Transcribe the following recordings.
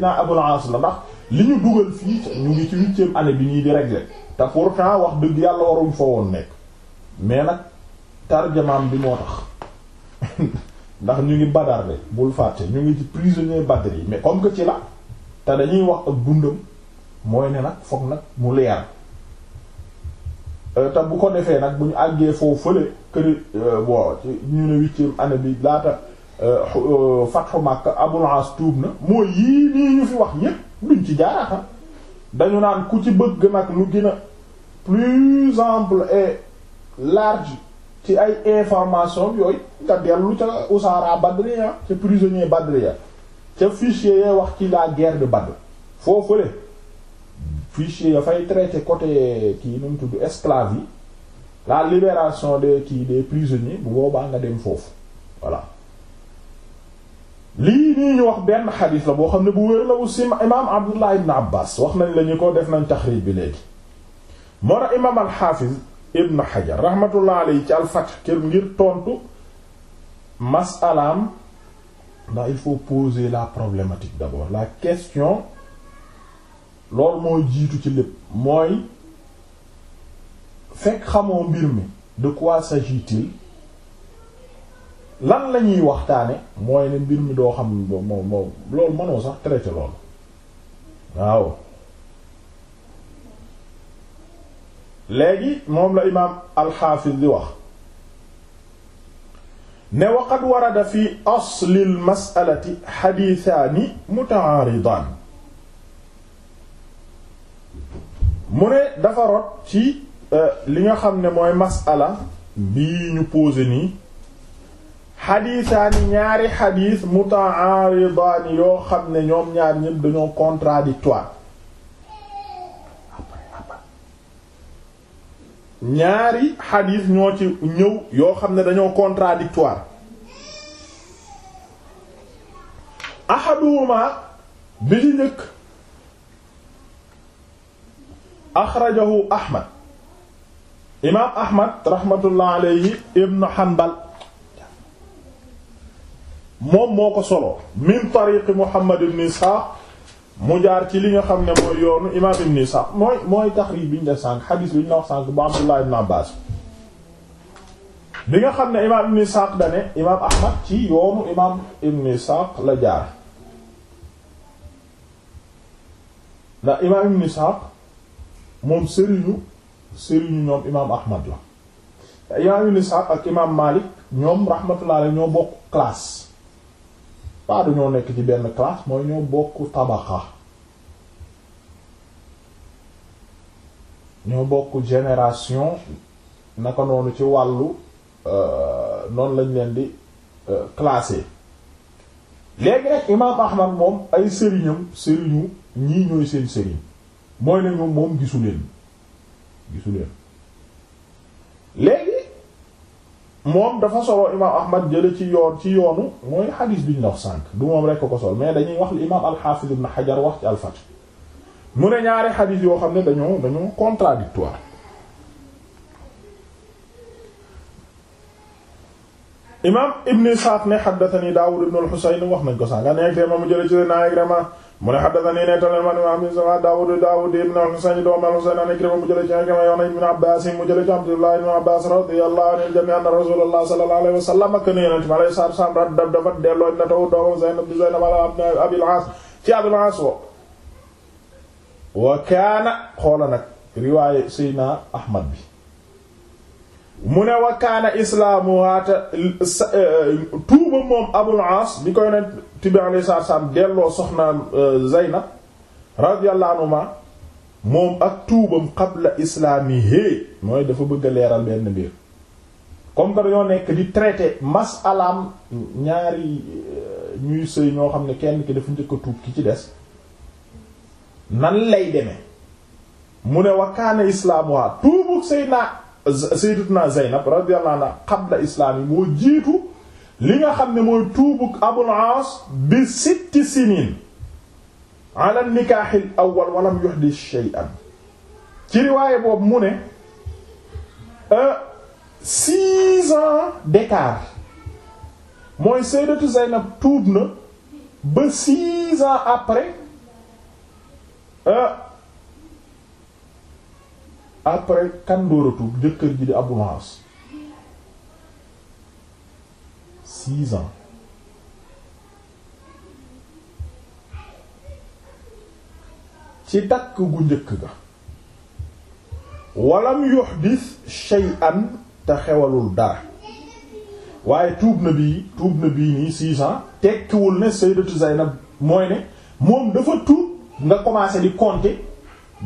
naa Abul Aas la ndax li ñu dugal fii ñu ngi ci huitième année bi ñuy di régler te pourtant wax dëgg yàlla waruñ fa woon nekk mais nag tarjamaam bi moo tax ndax ñu ngi Badar de bul fàtte ñu ngi ci prisonnier Badr yi mais comme que ci la te dañuy wax ak dundam mooy ne nag foog nag mu leer euh, te bu ko defee nag buñu àggee foo fële kër euh, bo ñu ne huitième année bi laata. fatxu Makka Abul As tuub na mooy yii nii ñu fi wax ñépp duñ ci jaaraatam dañu naan ku ci bëgg nag lu gën a plus ample et large ci ay information yooyu nga dellu ca usaara Badriya ca prisonnier Badriya ca fichier yee wax ci la guerre de Badr foofule fichier ya fay traité côté kii nu mu tudd esclave yi la libération des kii des prisonniers bu boobaa nga dem foofu voilà lii nii ñu wax benn xadis la boo xam ne bu wér la bu sim imaam abdullah ibn abbas wax nañ la ñu ko def nañ taxrij bi léegi moo tax imaam alxaafiz ibn xajar rahmatullah alayhi ci alfath kër ngir tontu masalaam ndax il faut poser la problématique d'abord la question loolu mooy jiitu ci lépp mooy fekk xamoo mbir mi de quoi sagit lan la ñuy waxtaane mooy ne mbir mi doo xam moom moo loolu mënoo sax traité loolu waaw léegi moom la imaam alxaafis di wax ne waqad warada fi asli almasalati xadiisaani mutaaridaan mu ne dafa rot ci euh, li nga xam ne mooy masala bii ñu posé nii xadiisaani ñaari xadiis muta'aridaani yoo xam ne ñoom ñaar ñépp dañoo contradictoire ñaari xadiis ñoo ci ñëw yoo xam ne dañoo contradictoire bi di njëkk axrajahu ahmad imaam ahmad rahmatullah alayhi ibnu hanbal moom moo ko solo min tariqi Muhammad ibn Ishaq mu jaar ci li nga xam ne mooy yoonu imaam ibn Ishaq mooy mooy taxriij bi ñu def sànq xadiis bi ñu la wax sànq bu Abdullah ibn Abbas bi nga xam ne imaam ibn Ishaq dane imaam Ahmad ci yoonu imaam Ishaq la jaar ndax moom sëriñu sëriñu ñoom imaam Ahmad la imaam ibn Ishaq ak imaam Malik ñoom rahmatullah ñoo bokk classe pas dañoo nekk ci benn classe mooy ñoo bokk tabaxa ñoo bokk génération naka noonu ci wàllu euh, noonu lañ leen di euh, classé léegi nag imaam Ahmad moom ay sëriñam sëriñu ñii ñooy seen sëriñ mooy ne ñoom moom gisu leen gisu leen moom dafa solo imaam ahmad jële ci yoon ci yoonu mooy xadiis bi ñu la du moom rekk ko sol mais dañuy wax li imaam alxaafis ibn xajar wax ci alfat mu ne ñaari xadiis yoo xam ne dañoo dañoo contradictoire imaam ibn isaaq ne xaddatani daawud ibn al xuseyn wax nañ ko sànq a nekk te ma mu jële ci naa ikrama mu ne haddathanii nettali man imaam Isxaaq Daawuud Daawuud ibn Husayn doom al-Husayn an Ikrima mu jëlee ci Ikrima yoon ibn Abbaas mu jëlee ci Abdullah ibn Abbaas radiyallahu anhu jamii'an anna Rasuulullah sallallahu alayhi wa sallam ak Yonent bi alayhi salaatu wa salaam radda dafa delloo ibnatahu doomam Zaynab di Zaynab ala Abil Aas ci Abil Aas wa kaana xoola nag riwaaye Ahmad bi mu ne wa kaana islaamu waata tuuba yonent bi alayhi salaam delloo soxnaam euh, Zeynab radiyallahu anha moom ak tuubam qabla islaamihi mooy dafa bëgg a leeral benn mbir comme que dañoo nekk di traité masalaam ñaari euh, ñuy sëy ñoo xam ne kenn ki dafa njëkk tuub ki ci des nan lay demee mu ne wa kaana islaamuha tuubug Seydina Sayyidatuna Zeynab radiyallahu anha qabla islaami moo jiitu. li nga xam ne mooy tuubug Abul Aas bi sitti siniin ala nikaaxil awwal walam yuhdi shay'an ci riwaaye boobu mu ne euh, six ans d'écart mooy Sayyidatu Zaynab tuub na ba six ans après euh, après kan dóora tuub jëkkër ji di Abul Aas six ci takk gu njëkk ga walam yuhdis shay'an te xewalul dara waaye tuub na bii tuub na bii nii six ans tekkiwul ne sayyidatu Zaynab mooy ne moom dafa tuub nga commencé di compter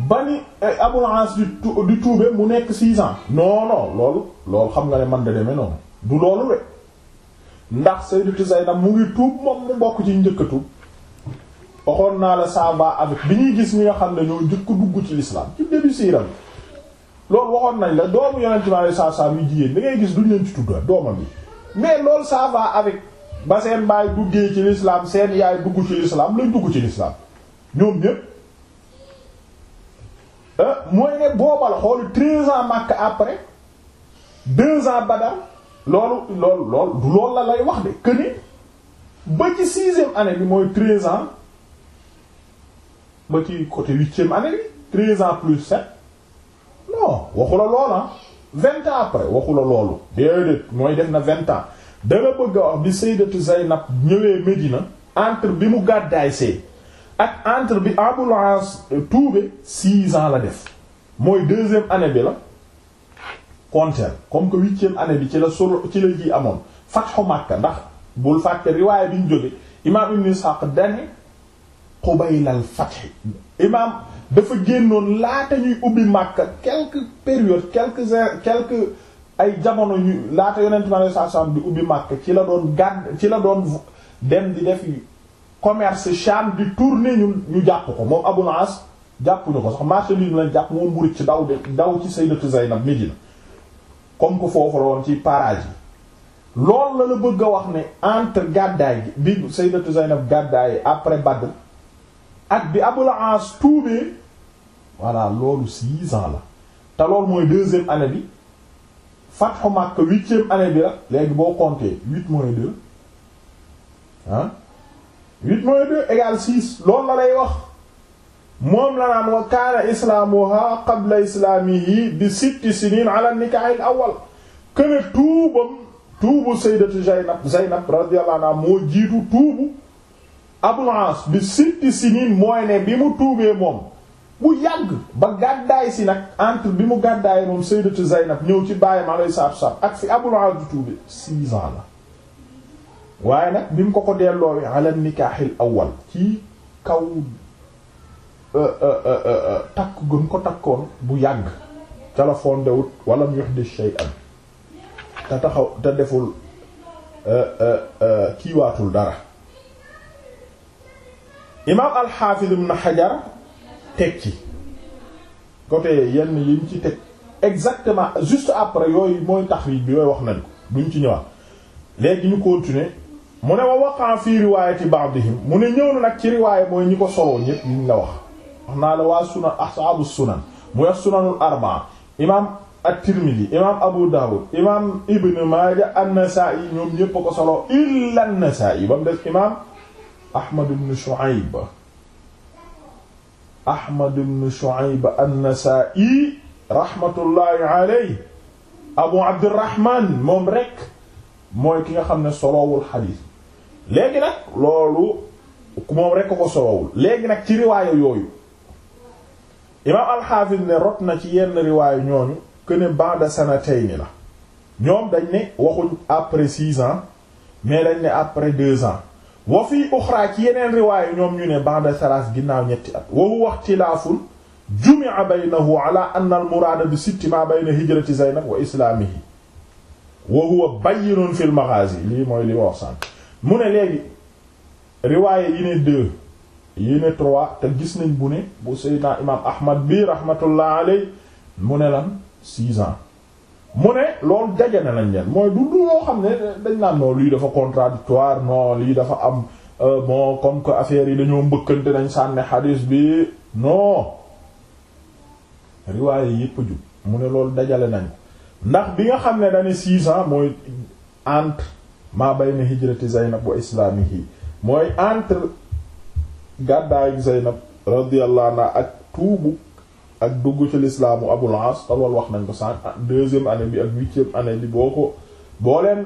ba ni eh, Abul As di tuube mu nekk six ans non loolu loolu xam nga ne man da demee noonu du loolu rek ndax sayyidatu Zaynab mu ngi tuub moom mu bokk ci njëkk a tuub waxoon naa la ça va avec bi ñuy gis ñi nga xam ne ñoo njëkk a dugg ci l'islam ci début siiram loolu waxoon nañ la doomu yonent bi alayhi salaatu salaam yu jigéen da ngay gis duñ leen ci tudd doomam yi mais loolu ça va avec ba seen baay duggee ci lislaam seen yaay dugg ci l'islam lañ dugg ci l'islam ñoom ñépp euh, mooy ne boobal xool 13 ans Makka après 2 ans Badar loolu lool lool du loolu la lay wax de que ni ba ci sixième année bi mooy treize ans ba ci côté huitième année bi treize ans plus sept non waxu la lool ah vingt ans après waxu la loolu déedéet mooy def na vingt ans dana bëgg a wax bi Sayyidatu Zaynab ñëwee Médina entre bi mu gàddaay see ak entre bi Abul As euh, tuube six ans la def mooy deuxième année bi la compter comme que huitième année bi ci la solo ci la ji amoon fatxu Makka ndax bul fàtte riwaaya bi ñu jóge imaam Ibn Ishaq dani xubaylal fatxi imaam dafa génnoon laata ñuy ubbi Makka quelques périodes quelques heures ay jamono ñu laata yonent mi sallallahu bi ubbi Makka ci la doon gàdd ci la doon dem di def commerce Sham di tourner ñu ñu jàpp ko moom Abul As jàppuñu ko sax marché bi jàpp moom murit ci daw de daw ci Sayyidatu Zaynab Medina comme que foofu la ci parage loolu la la bëgg a wax ne entre gàddaay bi bi Sayyidatu Zaynab gàddaay après Badr ak bi Abul tout tuubee voilà loolu six ans la te loolu mooy deuxième année bi Fathu Makka huitième année bi la léegi boo compter huit moins deux ah huit moins deux égale six la lay wax. moom la naan wa kaana islaamuha qabla islaamihi bi sitti siniin ala nikaahil awal këne tuubam tuubu sayyidatu Zaynab Zaynab radiyallahu anha moo jiitu tuubu Abul Aas bi sitti siniin mooy ne bi mu tuubee moom bu yàgg ba gàddaay si nag entre bi mu gàddaay moom sayyidatu Zaynab ñëw ci bàyyam alayhi salaatu salaam ak si Abul Aas di tuubee six la waaye nag bi mu ko ko delloo ala nikaahil awal ci kaw Euh, euh, euh, takk gën ko takkoon bu yàgg ca la fondewut wala mu yox di shay'an te taxaw te deful kiiwaatul dara imaam alxaafiz ibn xajar teg ci côté yenn yi ñu ci teg exactement juste après yooyu mooy taxriij bi yooyu wax nañ ko duñ ci ñëwaat léegi ñu continuer mu ne wa waqan fii riwaayati ba'dihim mu ne ñëw na nag ci riwaaya mooy ñi ko soloo ñépp ñu la wax wax naa la waa sunan ashaabu sunan muy sunanul arbaa imaam at-Tirmidhi imaam Abu Dawud imaam Ibn Maaja an-Nasaa'i ñoom ñépp a ko solo illa an-Nasaa'i ba mu def imaam Ahmad ibn Shu'ayb Ahmad ibn Shu'ayb an-Nasaa'i rahmatullahi alayhi Abu Abdurrahman moom rek mooy ki nga xam ne solowul xadiis léegi nag loolu moom rek ko solowul léegi nag ci riwaayo yooyu imaam alxaafis ne rot na ci yenn riwaayu ñooñu que ne ba'da sanatayni la ñoom dañ ne waxuñ après six ans mais dañ ne après deux ans wa fii uxraa ci yeneen riwaayu ñoom ñu ne ba'da salaas ginnaaw ñetti at wa huwa ixtilaafun jumi'a baynahu ala anna al muraada bi sitti ma bayna hijrati Zaynab wa islaamihi wa huwa bayyinun fil maghaazi lii mooy li wax sànq mu ne léegi riwaaye yi ne deux yéene trois te gis nañ bu ni bu Seydina imam Ahmad bi rahmatullah alay mu ne lan six ans mu ne lool daje na lañ leen mooy du loo xam ne dañ naan non lii dafa contradictoire non lii dafa am euh, bon comme que affaire yi dañoo mbëkkante nañ sànni xadiis bi non riwaaye yépp a mu ne loolu dajale nañ ndax bi nga xam ne dañu six ans mooy entre maa bay na hijrati Zaynab wa islamihi mooy entre gàddaayu Zeynab radiyallahu anha ak tuubu ak dugg ci lislaamu Abul As talool wax nañ ko sànq ah, deuxième année bi ak huitième année bi boo ko boo leen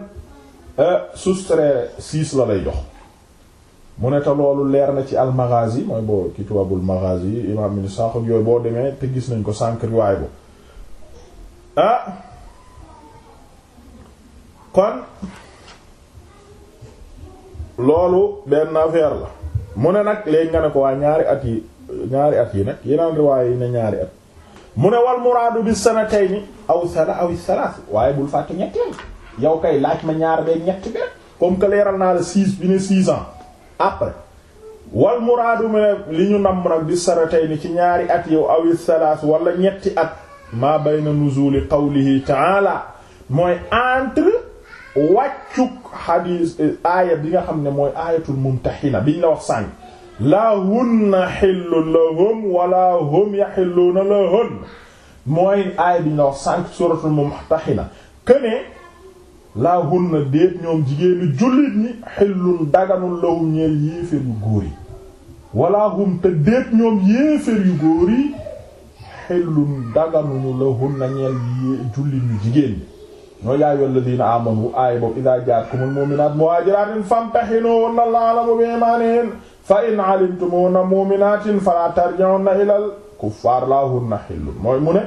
euh, soustraire six la lay jox mu ne te loolu leer na ci al-Maghazi mooy boo kitaabul Maghazi imaam ibn ni ak yooyu boo demee te gis nañ ko sànq riwaay bo ah kon loolu benn affaire la mu ne nag léegi nga ne ko waa ñaari at yi ñaari at yi nag yeneen riwaay yi ne ñaari at mu ne wal muraadu bi sanatayni aw sala aw salaas waaye bul fàtte ñetteel yow kay ñaar bee ñett bi comme que leeral naa la six bi ne six ans après wal muraadu mu ne li ñu namm nag bi sanatayni ci ñaari at yow aw salaas walla ñetti at maa bayna nuzuli qawlihi ta'ala mooy entre wàccuk xadiis aaya bi nga xam ne mooy aayatul mumtaxina biñ la wax sànq laa hunna xillun lahum wala hum yaxilluuna lahun mooy aaya biñ la wax sànq suratul mumtaxina këne laa hunna déet ñoom jigéenu jullit ñi xillun daganul lahum ñeel yéeféer yu góor yi wala hum te déet ñoom yéeféer yu góor yi xillun daganuñu lahunna ñeel jullit ñu jigéen ñi ñoo yaa ayyuhal ladina amanu aaya boobu idaa jaa'atkumul mu'minaat muhaajiraatin famtahinuhunna wa'lamu bi iimaanihin fa in 'alimtumuhunna mu'minaatin falaa tarji'uhunna ilal kuffaar laa hunna hillun mooy mu ne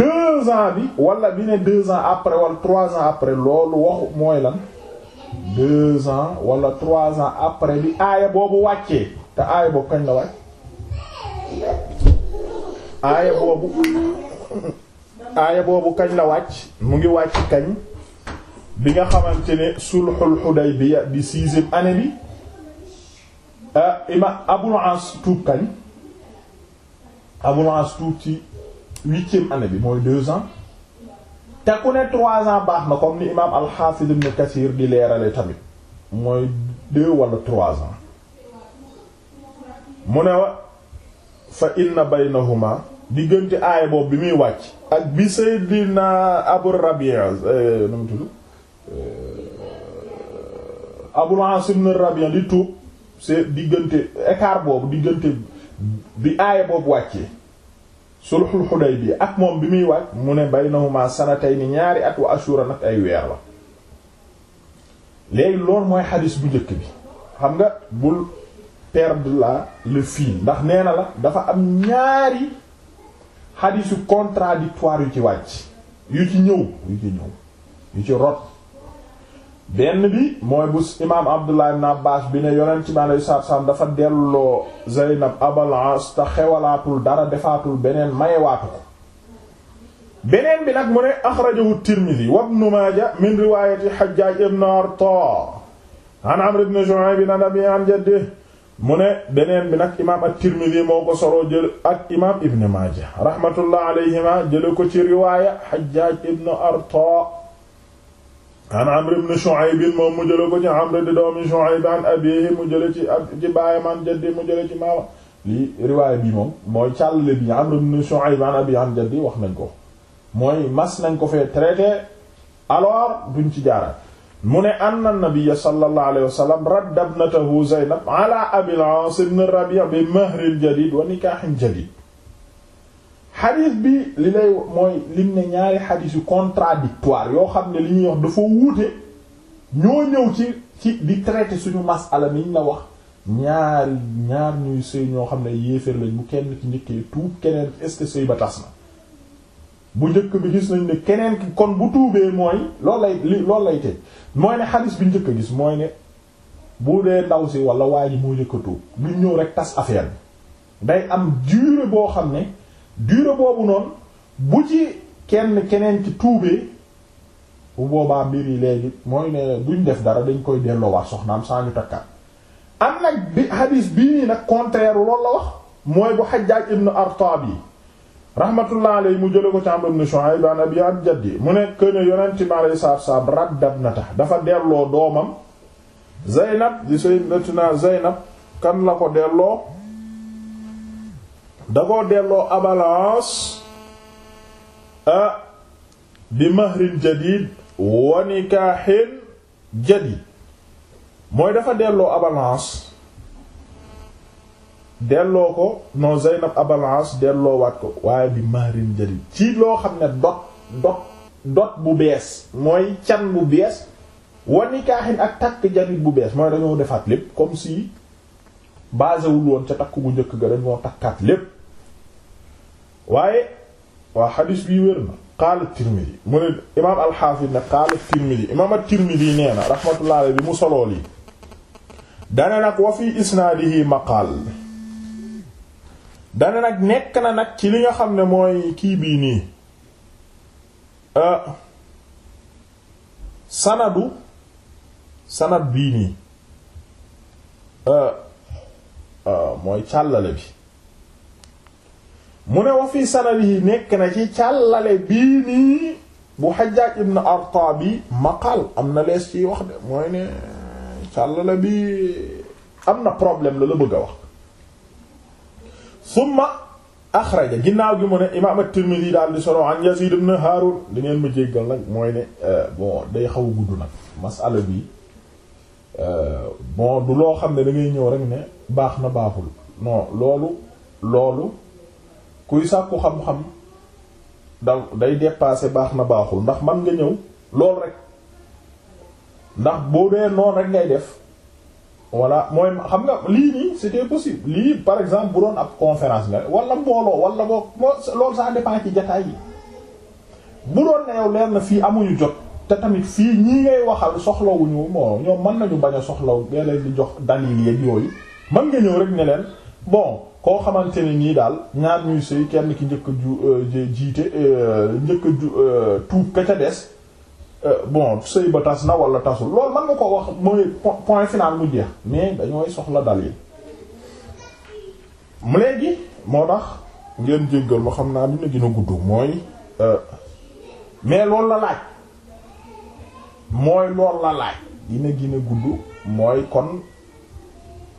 deux ans bi wala bi ne deux ans après wala trois ans après loolu waxu mooy lan deux ans wala trois ans après bi aaya boobu wàccee te aaya boobu aaya boobu kañ la wàcc mu ngi wàcc kañ bi nga xamante ne sulhul Hudaybiya di sixième année bi ah, ima Abul As tuub kañ Abul As tuub ci huitième année bi mooy deux ans te ku ne trois ans baax na comme ni imaam al-Hafiz Ibn Kathir di leerale tamit mooy deux wala trois ans mu ne wa fa inna baynahuma diggante aaya boobu bi muy wàcc ak bi Seydina Abu Rabi'a eh, nu mu tudd eh, Abul Asim ibn Rabi'a di tuub c'est diggante écart boobu diggante bi aaya boobu wàccee sulhul Hudaybiya ak moom bi muy wàcc mu ne bay baynahuma sanatayni ñaari at wa ashura nag ay weer la léegi loolu mooy xadis bu njëkk bi xam nga bul perdre la le fil ndax nee na la dafa am ñaari xadiis yu contradictoire yu ci wàcc yu ci ñëw yu ci ñëw yu ci rot benn bi mooy bu imaam Abdullah ibn Abbas bi ne yonent ci maanaam dafa delloo Zaynab Abal As te xewalaatul dara defaatul beneen mayewaatu ko beneen bi nag mu ne axrajahu Tirmidhi wa Ibn Maaja min riwaayati Hajjaaj ibn Arta an Amr ibn Shu'ayb an abiihi an jaddihi mu ne beneen bi nag imaam at-Tirmidhi moo ko soroo jël ak imaam Ibn Maaja rahmatullah alayhima jële ko ci riwaaya Hajjaaj ibn Arta an Amr ibn Shu'ayb moom mu jële ko ci Amr di doomi Shu'ayb an abiihi mu jële ci ab ci baayam an jaddi mu jële ci maama lii riwaaya bi moom mooy càll bi Amr ibn Shu'ayb an abiihi an jaddi wax nañ ko mooy mas nañ ko fee traité alors duñ ci jaaraat mu ne anna nabiyya sallallahu alayhi wa sallam radda ibnatahu Zaynab ala Abil Aas ibn Rabi' bi mahrin jadid wa nikahin jadid xadis bi li lay mooy lim ne ñaari xadis yu contradictoire yoo xam ne li ñuy wax dafa wuute ñoo ñëw ci ci di traiter suñu masala mi ñu la wax ñaari ñaar ñuy sëy ñoo xam ne yéeféer lañ bu kenn ci njëkkee tuub keneen est-ce que sëy ba tas na bu njëkk bi gis nañ ne keneen ki kon bu tuubee mooy loolu lay li lay teg mooy ne xadis bi njëkk a gis mooy ne bu dee ndaw si wala waa ji moo njëkk a luñ ñëw rek tas affaire bi day am durée boo xam ne durée boobu noonu bu ci kenn keneen ki tuubee bu boobaa mbir yi léegi mooy ne duñ def dara dañ koy delloowaat soxnaam saa ñu takkaat am nag bi xadis bii nii nag contraire loolu la wax mooy bu Hajjaj ibn Artab yi rahmatullah alayhi mu jële ko ci Amr ibn Shu'ayb an abi an jaddi mu ne këne yonent mi alayhi salaatu salaam raddab na tax dafa delloo doomam Zeynab di sayyidatuna kan la ko delloo da koo delloo abalance a bi mahrin jadid wa nikaahin mooy dafa delloo abalance delloo ko non Zeynab Abal As delloowaat ko waaye bi mahrin jadid ci loo xam ne dot dot dot bu bees mooy can bu bees wanikaaxin ak takk jadid bu bees mooy dañoo defaat lépp comme si basé wul woon ca takk gu njëkk ga dañoo takkaat lépp waaye waa xadiis bi wér na qaala Tirmidi mu ne imaam alxaafis ne qaala Tirmidi imaam at nee na rahmatullahi bi mu soloo lii dana nag wa fi isnaadihi maqaal dana nag nekk na nag ci li nga xam ne mooy kii bii nii euh, sanadu sanad bii nii euh, euh, mooy càllale bi mu ne wa fii sanadihi nekk na ci càllale bii nii bu na ibn bi maqal am na lees ci wax de mooy ne càllale bi am na problème la la bëgg a wax summa axraja ginnaaw gi mu ne imaam at yi daal di solo an yi ibn Harun di ngeen ma jéggal nag mooy ne euh, bon day xaw a gudd nag masala bi euh, bon du loo xam ne da ñëw rek ne baax na baaxul non loolu loolu kuy sàkku xam-xam da day dépasser baax na baaxul ndax man nga ñëw loolu rek ndax boo dee noonu rek ngay def voilà mooy xam nga lii nii c'était possible lii par exemple bu doon ab conférence la wala mbooloo wala boo loolu ça dépend ci jataay yi bu doon ne yow leer na fii amuñu jot te tamit fii ñii ngay waxal soxlawuñu moo ñoom mën nañu bañ a soxlaw ngay leen di jox dalil yeeg yooyu mën nga ñëw rek ne leen bon koo xamante ne nii daal ñaar ñuy sëy kenn ki njëkk a ju euh, jiite euh, njëkk a ju euh, tuub ka ca des Euh, bon sëy ba tas na wala tasu lool mën nga ko wax mooy point final mu jeex mais dañooy soxla dalil mu léegi moo tax ngeen jéggal ma xam naa dina gën a gudd mooy euh, mais loolu la laaj mooy loolu la laaj dina gën a gudd mooy kon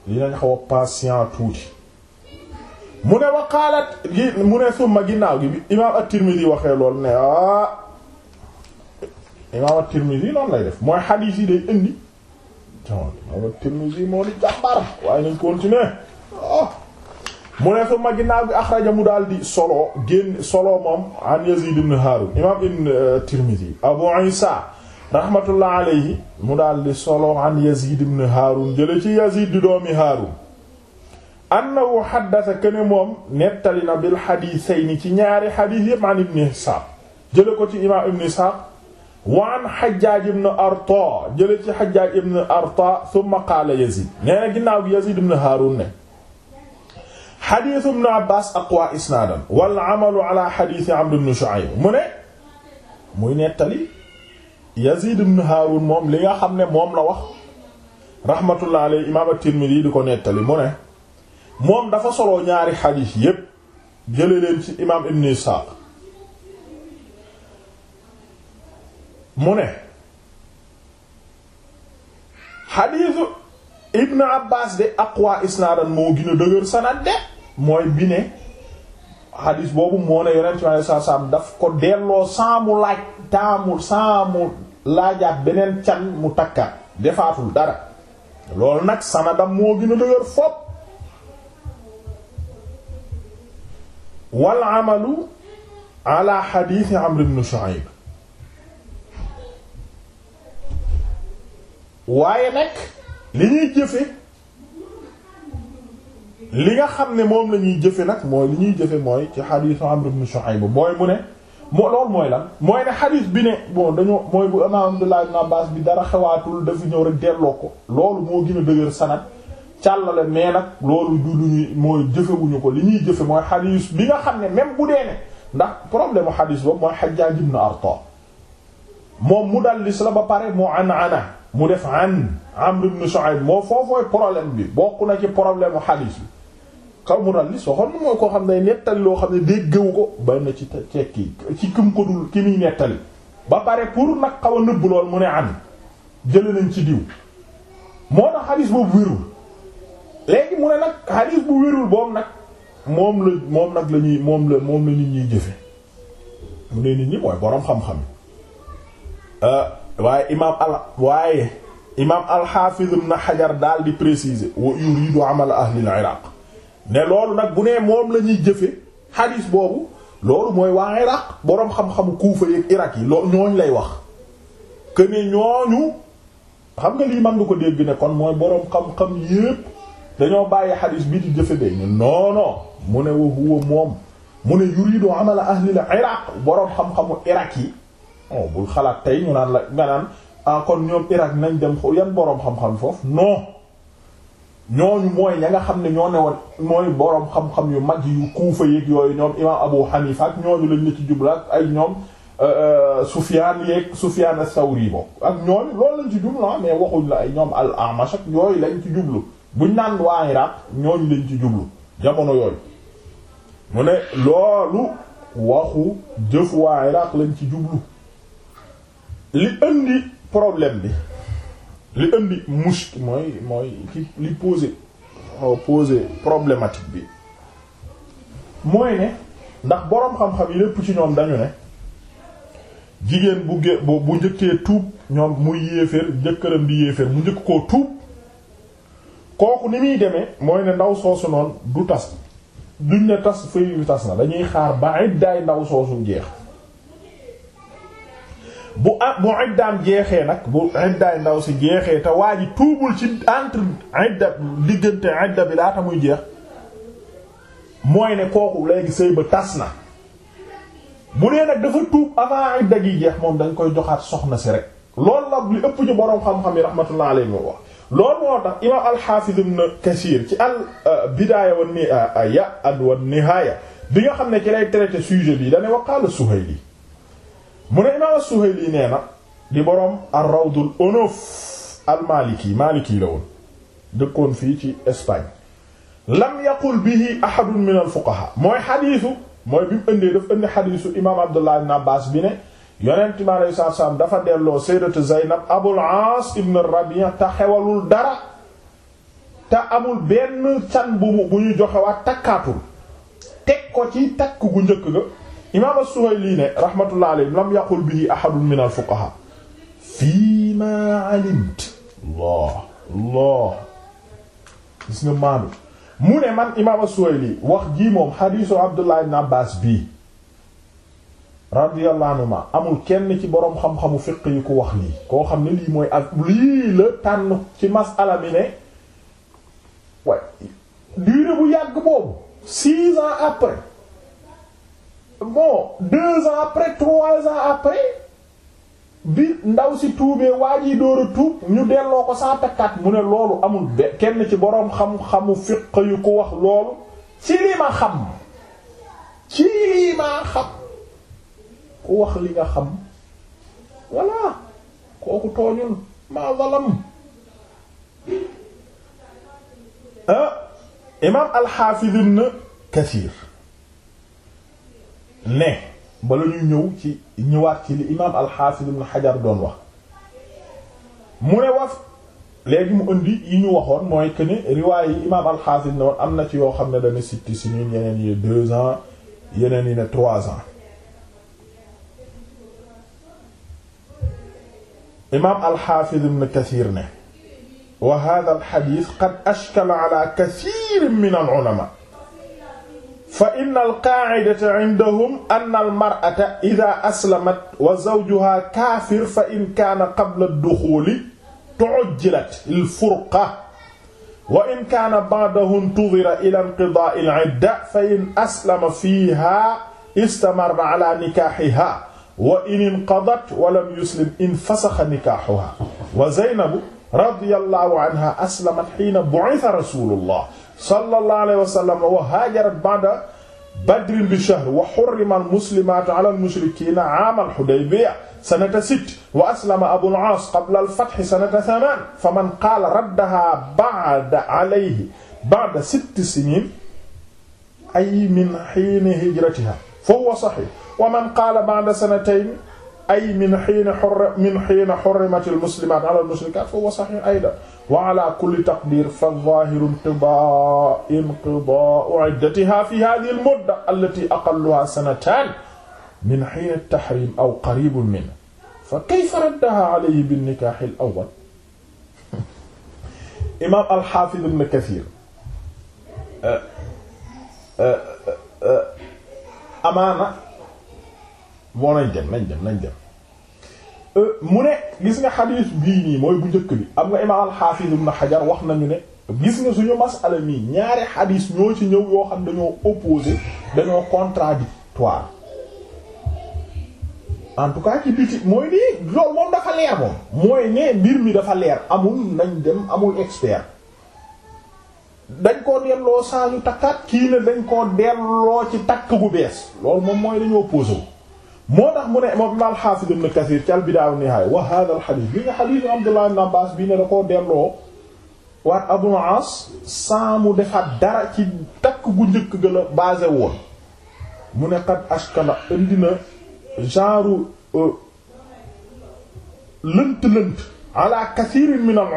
dinañ xaw a patient tuuti mu ne waqaalat gi mu ne summa ginnaaw gi bi imaam at-Tirmidhi waxee lool ne ah imaam at-Tirmidhi noonu lay def mooy xadiis yi indi moo di jàmbar waaye nañ continuer oh. mu ne suma ginnaaw bi axraja mu dal di solo génn solo moom an Yazid ibn Harun imaam ibn uh, Tirmidhi Abu Isa rahmatullah mu daal di solo an Yazid ibn Harun jële ci Yazid di doomi Harun annahu xaddasa kene moom nettali na bil xadiisayni ci ñaari xadiis yépp an ibn Isaaq jële ko ci imaam ibn Isaaq waan Hajjaaj ibn Arta jële ci Hajjaaj ibn Arta thumma qaala Yazid nee na ginnaaw gi Yazid ibn Haarun ne xadiisu ibn Abbaas aqwa isnaadan wal amalu ala xadiisi Amr mu ne muy nettali Yazid ibn Haarun moom li nga xam ne moom la wax rahmatullah alayhi imaam at-Tirmidhi di ko nettali mu ne moom dafa soloo ñaari xadiis yépp jële leen ci imaam Ibn Isxaaq mu ne xadiisu ibnu abbas de aqwa isnaadan moo gën dëgër sanad de mooy bi xadiis boobu moo ne yonent bi alayhi salaatu salaam daf ko delloo saamu laaj taamu saamu laajaat beneen can mu takkaat defaatul dara loolu nag sanadam moo gën a dëgër foop wal amalu ala xadiisi amr ibn waaye nag li ñuy jëfe li nga xam ne moom la ñuy jëfe nag mooy li ñuy jëfe mooy ci xadiisu Amr ibn Shuayb mooy mu ne moo loolu mooy lan mooy ne xadiis bi ne bon dañoo mooy bu imaam Abdullah ibn Abbas bi dara xewaatul dafa ñëw rek delloo ko loolu moo gin a dëgër sanad càllale mais nag loolu du lu ñuy mooy jëfewuñu ko li ñuy jëfe mooy xadiis bi nga xam ne même bu dee ne ndax problème u xadiis boobu mooy Hajjaj ibn Arta moom mudallis la ba pare moo an mu def an Amr ibn Shu'ayb moo foofooy problème bi bokk na ci problème u xadiis bi kaw mudallis waxoon mooy koo xam ne nettali loo xam ne déggewu ko ba na ci tekki ci kim ko dul ki muy nettali ba pare pour nag xaw a nëbb lool mu ne an jële nañ ci diw moo tax xadiis boobu wérul léegi mu ne nag xadiis bu wérul boobu nag moom la moom nag la moom la moom la nit ñuy jëfe mu ne nit ñi mooy boroom xam-xam waaye imaam al waaye imaam al-Hafiz Ibn Hajar daal di préciser wa yuridu amal ahlil iraq ne loolu nag bu nee moom lañuy ñuy jëfe xadiis boobu loolu mooy waa iraq boroom xam-xamu Kuufa yeeg iraq yi loo ñooñ lay wax que ne ñooñu xam nga lii mën nga ko dégg ne kon mooy boroom xam-xam yépp dañoo bàyyi xadiis bi di jëfe day non non mu ne wa huwa moom mu ne yuridu amal ahlil iraq boroom xam-xamu iraq yi oh bul xalaat tey ñu naan la nga naan ah, kon ñoom Irak nañ dem yan boroom xam-xam foofu non ñooñu mooy ña nga xam ne ñoo ne woon mooy boroom xam-xam yu mag yu Kuufa yeeg yooyu ñoom imaam Abu Hanifa ak ñooñu lañ ci jublu ay ñoom euh, euh, Sufyaan yeeg Sufyaan as-Sawri bokk ak ñooñu loolu lañ ah, waxuñ la ay ñoom al-Amash ak yooyu lañ ci jublu buñ naan waa Irak ñooñu lañ ci jublu jamono yooyu mu ne loolu waxu jëf waa Irak lañ ci jublu. li indi problème bi li indi musk mooy mooy ci li poser pose problématique bi mooy ne ndax boroom xam-xam yi lépp ci ñoom dañu ne jigéen bu ge bu bu njëkkee tuub ñoom muy yéeféer njëkkëram di yéeféer mu njëkk koo tuub kooku ni muy demee mooy ne ndaw soosu noonu du tas duñ ne tas fay tas na dañuy xaar ba ay ndaw soosu jeex bu bu iddaam jeexee nag bu iddaay ndaw si jeexee te waa ji tuubul ci entre diggante idda laata muy jeex mooy ne kooku léegi sëy ba tas na bu dee nag dafa tuub avant idda jeex moom dañ koy joxaat soxna si rek loolu nag li ëpp ñu boroom xam-xam yi rahmatullah alayhi wax loolu moo tax imaam al-Hafiz ibn Kathir ci al euh, bidaaya wa euh, ya ad wa nihaaya bi nga xam ne ci lay traité sujet bi dane waqaala Suhayli mu ne imaam as-Suhayli nee na di boroom ar-Rawdul Unuf al la woon dëkkoon fii ci Espagne lam yaqul bihi ahadun min al mooy xadiisu mooy bi mu ëndee daf ëndi xadiisu imaam Abdullah ibn bi ne yonent mi alayhi salaatu dafa delloo sayyidatu Zaynab Abul Aas ibn Rabi'a te xewalul dara te amul benn can bu bu ñu joxewaat takkaatul teg ko ci takk gu njëkk ga imaam as-Suhayli ne rahmatullah alayhi lam yaqul bihi ahadun min al-fuqaha fii ma alimt Allah Allah gis mu ne man imaam as-Suhayli wax jii moom xadiisu Abdullah ibn Abbas bii radiyallahu anhuma amul kenn ci boroom xam-xamu fiq yi ku wax lii koo xam ne lii mooy ak lii la tànn ci masala mi ne waaye diire bu yàgg boobu bo deux ans après trois ans après bi ndaw si tuubee waa ji door tuub ñu delloo ko saa takkaat mu ne loolu amul kenn ci boroom xam-xamu fiq yu ko wax loolu ci lii ma xam ci lii ma xam ku wax li nga xam voilà kooku tooñul ma zalam ah imaam al-Hafiz ne bala ñu ñëw ci ñëwaat ci li imaam alxaafis ibn xajar doon wax mu ne waf léegi mu indi yi ñu waxoon mooy que ni riwaay imaam alxaafis ne am na ci yoo xam ne dana sitti si ñun yeneen yi deux ans yeneen yi ne trois ans imaam alxaafis ibn kasiir ne wa hada alxadis qad ashkala ala kasiirin min al ulama fa inna alqaacidata indahum anna almar'ata ida aslamat wa zawjuha kaafir fa in kaana qabla duxuuli tu'jilat alfurqa wa in kaana ba'dahu intudira ila inqidaa al'idda fa in aslama fiiha istamarra ala nikaaxiha wa in inqadat wa lam yuslim infasaxa nikaaxuha wa zaynabu radiyallahu anha aslamat xiina bu'itha rasulullah sallallahu alayhi wa sallam wa haajarat ba'da badrin bi shahr wa hurrima al-muslimaatu ala al-mushrikiina aam al-Hudaybiyya sanata sitt wa aslama Abul Aas qabla al-fath sanata thamaan faman qaala raddahaa ba'da alayhi ba'da sitti siniin ay min hiina hijratihaa fahuwa sahiih wa man qaala ba'da sanatayn ay min hiina hurr min hiina hurrimat al muslimat ala al mushrikat fa huwa sahih aydan wa ala kulli taqdir fa zahiru inqidaa'u iddatiha fi hadhihi al mudda allati aqalluha sanatan min hiina at tahrim aw qaribun min fa kayfa raddaha alayhi bin nikah al awwal imam al hafiz ibn kathir eh, eh, eh, amaana moo nañ dem nañ dem nañ dem euh, mu ne gis nga xadiis bii nii mooy bu njëkk bi am nga imaam al-Hafiz ibn wax nañu ne gis nga suñu masala mii ñaari xadiis ñoo ci ñëw yoo xam dañoo opposé dañoo contradictoire en tout cas ci biti mooy nii loolu moom dafa leer moom mooy ne mbir mi dafa leer amul nañ dem amul expert dañ koo delloo saa ñu takkaat kii ne dañ koo delloo ci takk bu bees loolu moom mooy dañoo opposé moo tax mu ne moom imaam al-Hafiz ibn Kathir ci al-Bidaaya wa an-Nihaaya wa haadha al-hadiis bi nga hadiisu Abdullah ibn Abbaas bii ne da koo delloo waat Abu Aas sans mu defaat dara ci takk gu njëkk ga la basé woon mu ne qad ashkala indi na genre euh, lënt-lënt ala kathirin min al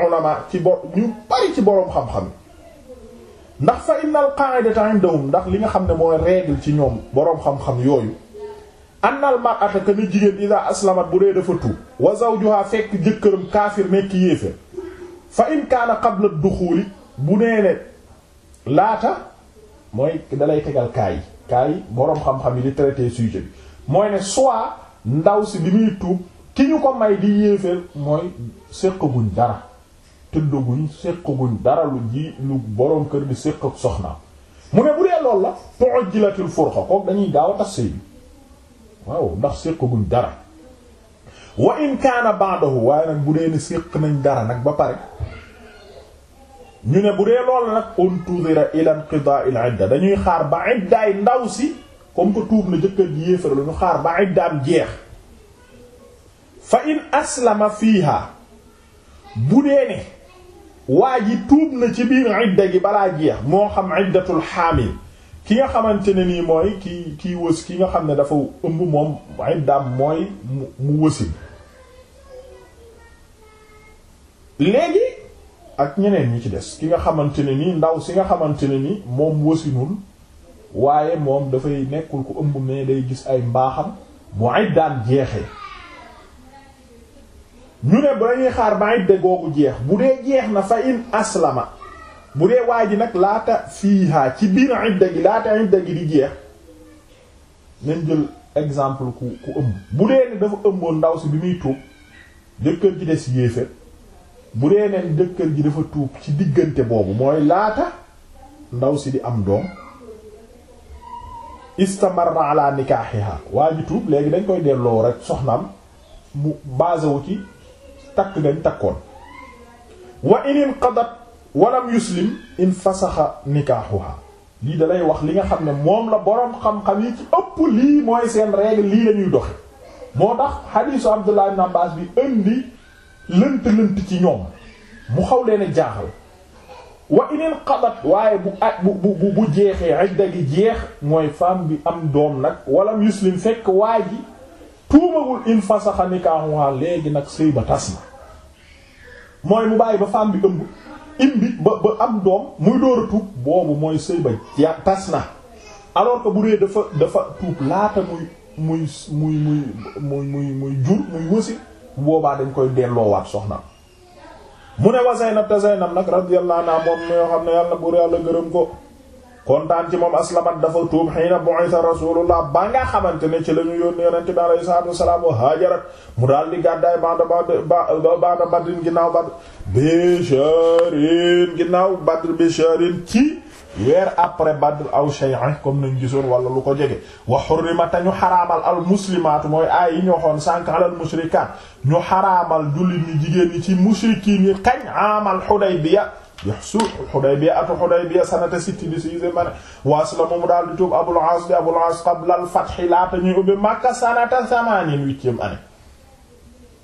ci bo ñu bari ci boroom xam-xam ndax fa inna al-qaa'idata indahum ndax li nga xam ne mooy règle ci ñoom boroom xam-xam yooyu annal mar'ata que ni jigéen iza aslamat bu dee dafa tuub wa zawjuha fekk jëkkëram kaafir nekk yéeféer fa in kaana qabla duxuuli bu nee ne laata mooy dalay tegal kaay kaay boroom xam-xam yi di traité sujet bi mooy ne soit ndaw si bi muy tuub ki ñu ko may di yéeféer mooy séqaguñ dara tëddaguñ séqaguñ dara lu ji lu boroom kër bi séq ak soxnaam mu ne bu dee loolu la tu'jilatul furqa kook dañuy gaaw a tas sëy waaw ndax séqaguñ dara wa in kaana ba'dahu waaye nag bu dee ne séq nañ dara nag ba pare ñu ne bu dee lool nag untudira ila inqida'il idda dañuy xaar ba ndaw si comme que tuub na jëkkër ji yéefara la ñu xaar ba iddaam jeex fa in aslama fiiha bu dee ne waa ji tuub na ci biir idda gi balaa jeex moo xam iddatul xaamil ki nga xamante ne nii mooy ki kii wës ki nga xam ne dafa ëmb moom ay daam mooy mu wësi léegi ak ñeneen ñi ci des ki nga xamante ne nii ndaw si nga xamante ne nii moom wësinul waaye moom dafay nekkul ko ëmb ne day gis ay mbaaxam bu ay daan jeexee ñu ne ba dañuy xaar ba ay dégoogu jeex bu dee jeex na fa in aslama bu dee waa ji nag laata fiihaa ci biir idda gi laata idda gi di jeex nañ jël exemple ku ëmb bu dee ne dafa ëmboon ndaw si bi muy tuub jëkkër ji des yéeféer bu dee ne jëkkër ji dafa tuub ci diggante boobu mooy laata ndaw si di am doom istamarra ala nikaahiha waa ji tuub léegi dañ koy delloo rek soxnaam mu basé ci takk gañ takkoon wa in qadat walam yuslim in fasaxa nikaaxuha lii dalay wax li nga xam ne moom la boroom xam-xam yi ci ëpp lii mooy seen règle lii lañuy doxe moo tax xadiisu Abdullah ibn bi indi lënt lënt ci ñoom mu xaw leen jaaxal wa ineen xabat waaye bu aj bu bu bu jeexee idda gi jeex mooy femme bi am doom nag walam yuslim fekk waa ji tuumawul in fasaxa léegi nag sëy ba tas na mooy mu bàyyi ba femme bi ëmb imbi ba ba am doom muy door a tuub boobu mooy sëy ba ya tas na alors que bu dee dafa dafa tuub laata muy muy muy muy muy muy muy jur muy wësi boobaa dañ koy delloo waat soxna mu ne wa Zaynab te Zaynab nag radiyallahu anha moom moo xam ne yàlla buur yàlla gërëm ko kontaan ci moom aslamat dafa tuub xiina bu'itha rasulullah ba xamante ne ci la ñu yónni yonente bi alayhi salaatu wasalaam wa haajarat mu daal di gàddaay banda bada banda badrin ginnaaw badr bisharin ginnaaw badr bisharin ci weer après badr aw shay'an comme nañ gisoon wala lu ko jege wa hurrimata ñu xaraamal al muslimaatu mooy aay yi ñu waxoon sànk alal mushrikaat ñu xaraamal jullit ñi jigéen ñi ci mushrikiin yi xañ amal Hudaybiya su Hudaybiya atu a sanata sitti bi sixième année wa aslama mu daal di tuub Abul Aas di Abul Aas qabla al laata ñuy ubbi Makka sanata samaanin huitième année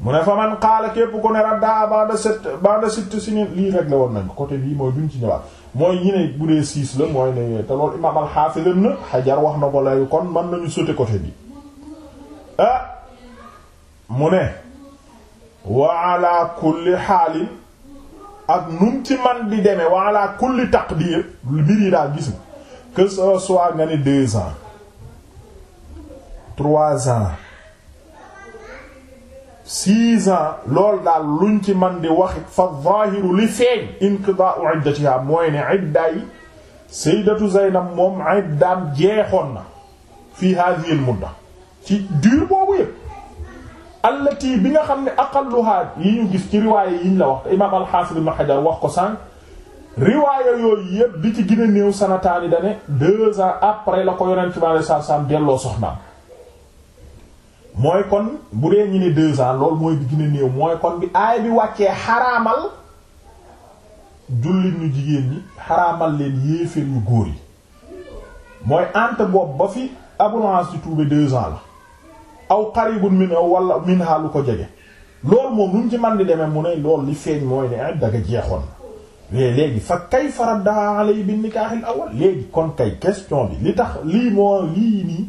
mu ne fa man xaala képp ku ne radda ba'da sitt ba'da sitt sinin lii rek la woon nañ côté bii mooy duñ ci ñëwaat mooy ñi ne bu dee six la mooy ne te loolu imaam al-Hafiz Ibn Hajar wax na ko lay kon mën nañu sauter côté bi ah mu ne wa ala kulli xaalin ak num ci man di demee wala kulli taqdir mbir yi daal gis nga que ce soit nga ni deux ans daal luñ ci man di wax fa zahiru li feeñ inqidaa'u iddatiha mooy ne iddaay sayyidatu Zaynab moom iddaam jeexoon na fii hadhihi al mudda ci diir boobu yëpp allati bi nga xam ne aqalluha yi ñu gis ci riwaaya yi ñu la wax te imaam al-Hafiz Ibn Hajar wax ko sànq riwaaya yooyu yëpp bi ci gën a néew sanataani dane deux ans après la ko yonent bi alayhi salaatu salaam delloo soxnaam mooy kon bu dee ñu ne deux ans loolu mooy bi gën a néew mooy kon bi aay bi wàccee xaraamal jullit ñu jigéen ñi xaraamal leen yéeféer yu góor yi mooy ante boobu ba fi Abul As di tuube deux ans la aw qaribun min wala minha lu ko jege loolu moom lu mu ci man di demee mu ne loolu li feeñ mooy ne ah daga jeexoon mais léegi fa kayfa raddaha alay bi nikaahil awal léegi kon kay question bi li tax lii moo lii nii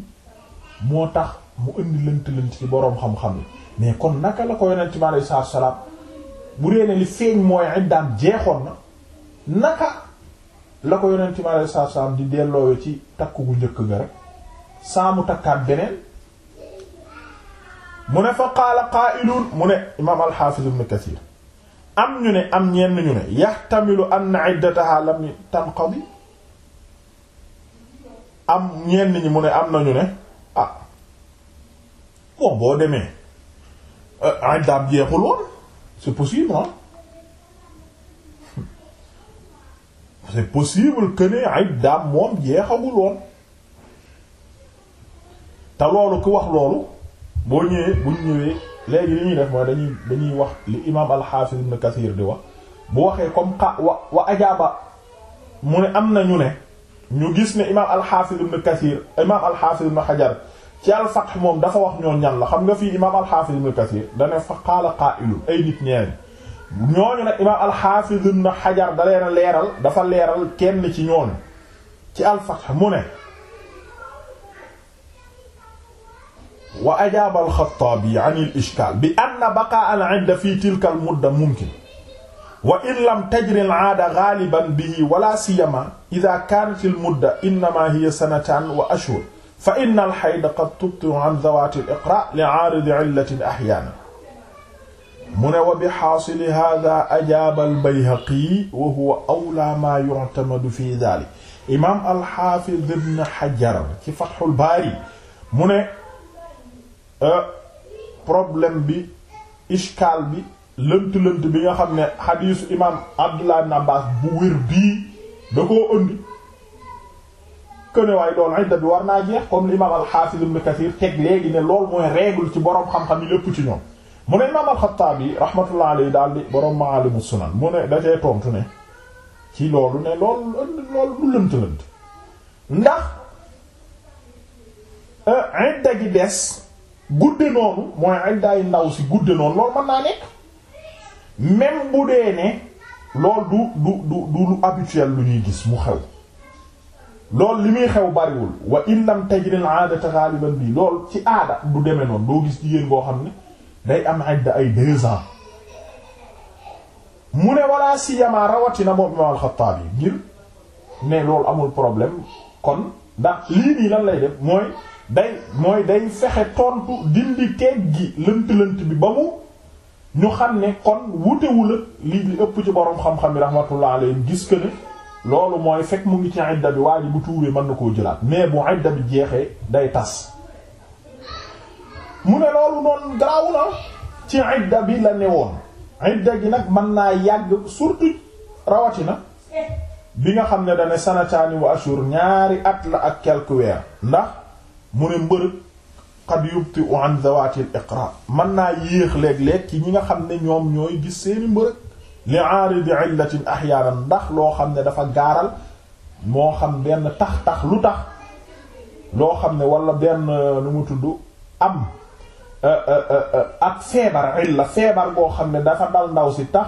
moo tax mu indi lënt lënt ci boroom xam-xam yi mais kon naka la ko yonent bi aleyhi salaam bu dee ne li feeñ mooy iddaam jeexoon na naka la ko yonent bi aleyhi salaatu salaam di delloowe ci takk gu njëkk ga rek saa mu takkaat beneen mu ne fa qaala qaa'ilun mu ne imaam al-Hafiz Kathir am ñu ne am ñenn ñu ne yaxtamilu anna iddataha lam tanqadi am ñenn ñi mu ne am nañu ne ah bon boo demee euh, iddaam jeexul woon c'est possible c'est possible que ne iddaam moom jeexagul te loolu ku wax loolu boo ñëwee buñ ñëwee léegi li ñuy def mooy dañuy dañuy wax li imaam al-Hafiz Ibn di wax bu waxee comme xa wa wa ajaaba mu ne am na ñu ne ñu gis ne imaam al-Hafiz Ibn Kathir imaam al-Hafiz Ibn Hajar ci al-Fath moom dafa wax ñoo ñan la xam nga fii imaam al-Hafiz Ibn Kathir dane fa qaala qaa'ilun ay nit ñeeni ñooñu nag imaam al-Hafiz Ibn Hajar da leen leeral dafa leeral kenn ci ñooñu ci al mu ne wa ajaaba alxataabi an al ishkaal bi anna baqaa al inda fi tilka al mudda mumkin wa in lam tajri al aada gaaliban bihi wala siyama ida kaanat al mudda innama hiya sanataan wa ashhur fa inna al xayda qad tubtiu an dawaati al iqra li aaridi illatin axyaanan mu ne wa bi xaasili hada ajaaba al bayhaqi wa huwa awlaa maa yu'tamadu fi daalik imaam al xaafiz ibn xajar ci fatxul baari mu ne Euh, problème bi ishkaal bi lënt-lënt bi nga xam ne xadiisu imaam Abdullah ibn Abbas bu wér bii da koo ëndi këne waaye doon idda war naa jeex comme l'imam al-Hafiz ibn Kathir teg léegi ne loolu mooy règle ci boroom xam-xam yi lépp ci ñoom mu ne imaam al-Khattabi rahmatullah alayhi daal di boroom Maalimu Sunan mu ne dafay tontu ne ci loolu ne loolu loolu du lënt-lënt ndax euh, idda gi des gudde noonu mooy iddaay ndaw si gudde noonu loolu mën naa nekk même bu dee ne loolu du du du du lu habituel lu ñuy gis mu xew loolu li muy xew bariwul wa in lam tajri aadata ghaliban bi lool ci aada du demee noonu doo gis jigéen boo xam ne day am idda ay deux mu ne wala siyamaa rawatina moom imam al-Xattaabi ngir ne loolu amul problème kon ndax lii nii lan lay def mooy day mooy day fexe tontu dindi teggi lënt-lënt bi ba mu ñu xam ne kon wutewul ak lii li ëpp ci borom xam-xam yi rahmatullah alayhim gis que loolu mooy fekk mu ngi ci idda bi waa bu tuubee mën na koo jëlaat mais bu idda bi jeexee day tas mu ne loolu noonu garaaw na ci idda bi la newoon idda gi nag mën naa yàgg surtout rawatina bi nga xam ne dane sanataani wa ashur ñaari at la ak kelkuweer ndax mu ne mbërëg qad yubti an zawaatil iqra mën naa yéex léeg-léeg ci ñi nga xam ne ñoom ñooy gis seeni mbërëg li aaridi illatin ahyaanan ndax loo xam ne dafa gaaral moo xam benn tax-tax lu tax loo xam ne wala benn nu mu tudd am euh, euh, euh, ak feebar illa feebar goo xam ne dafa dal ndaw si tax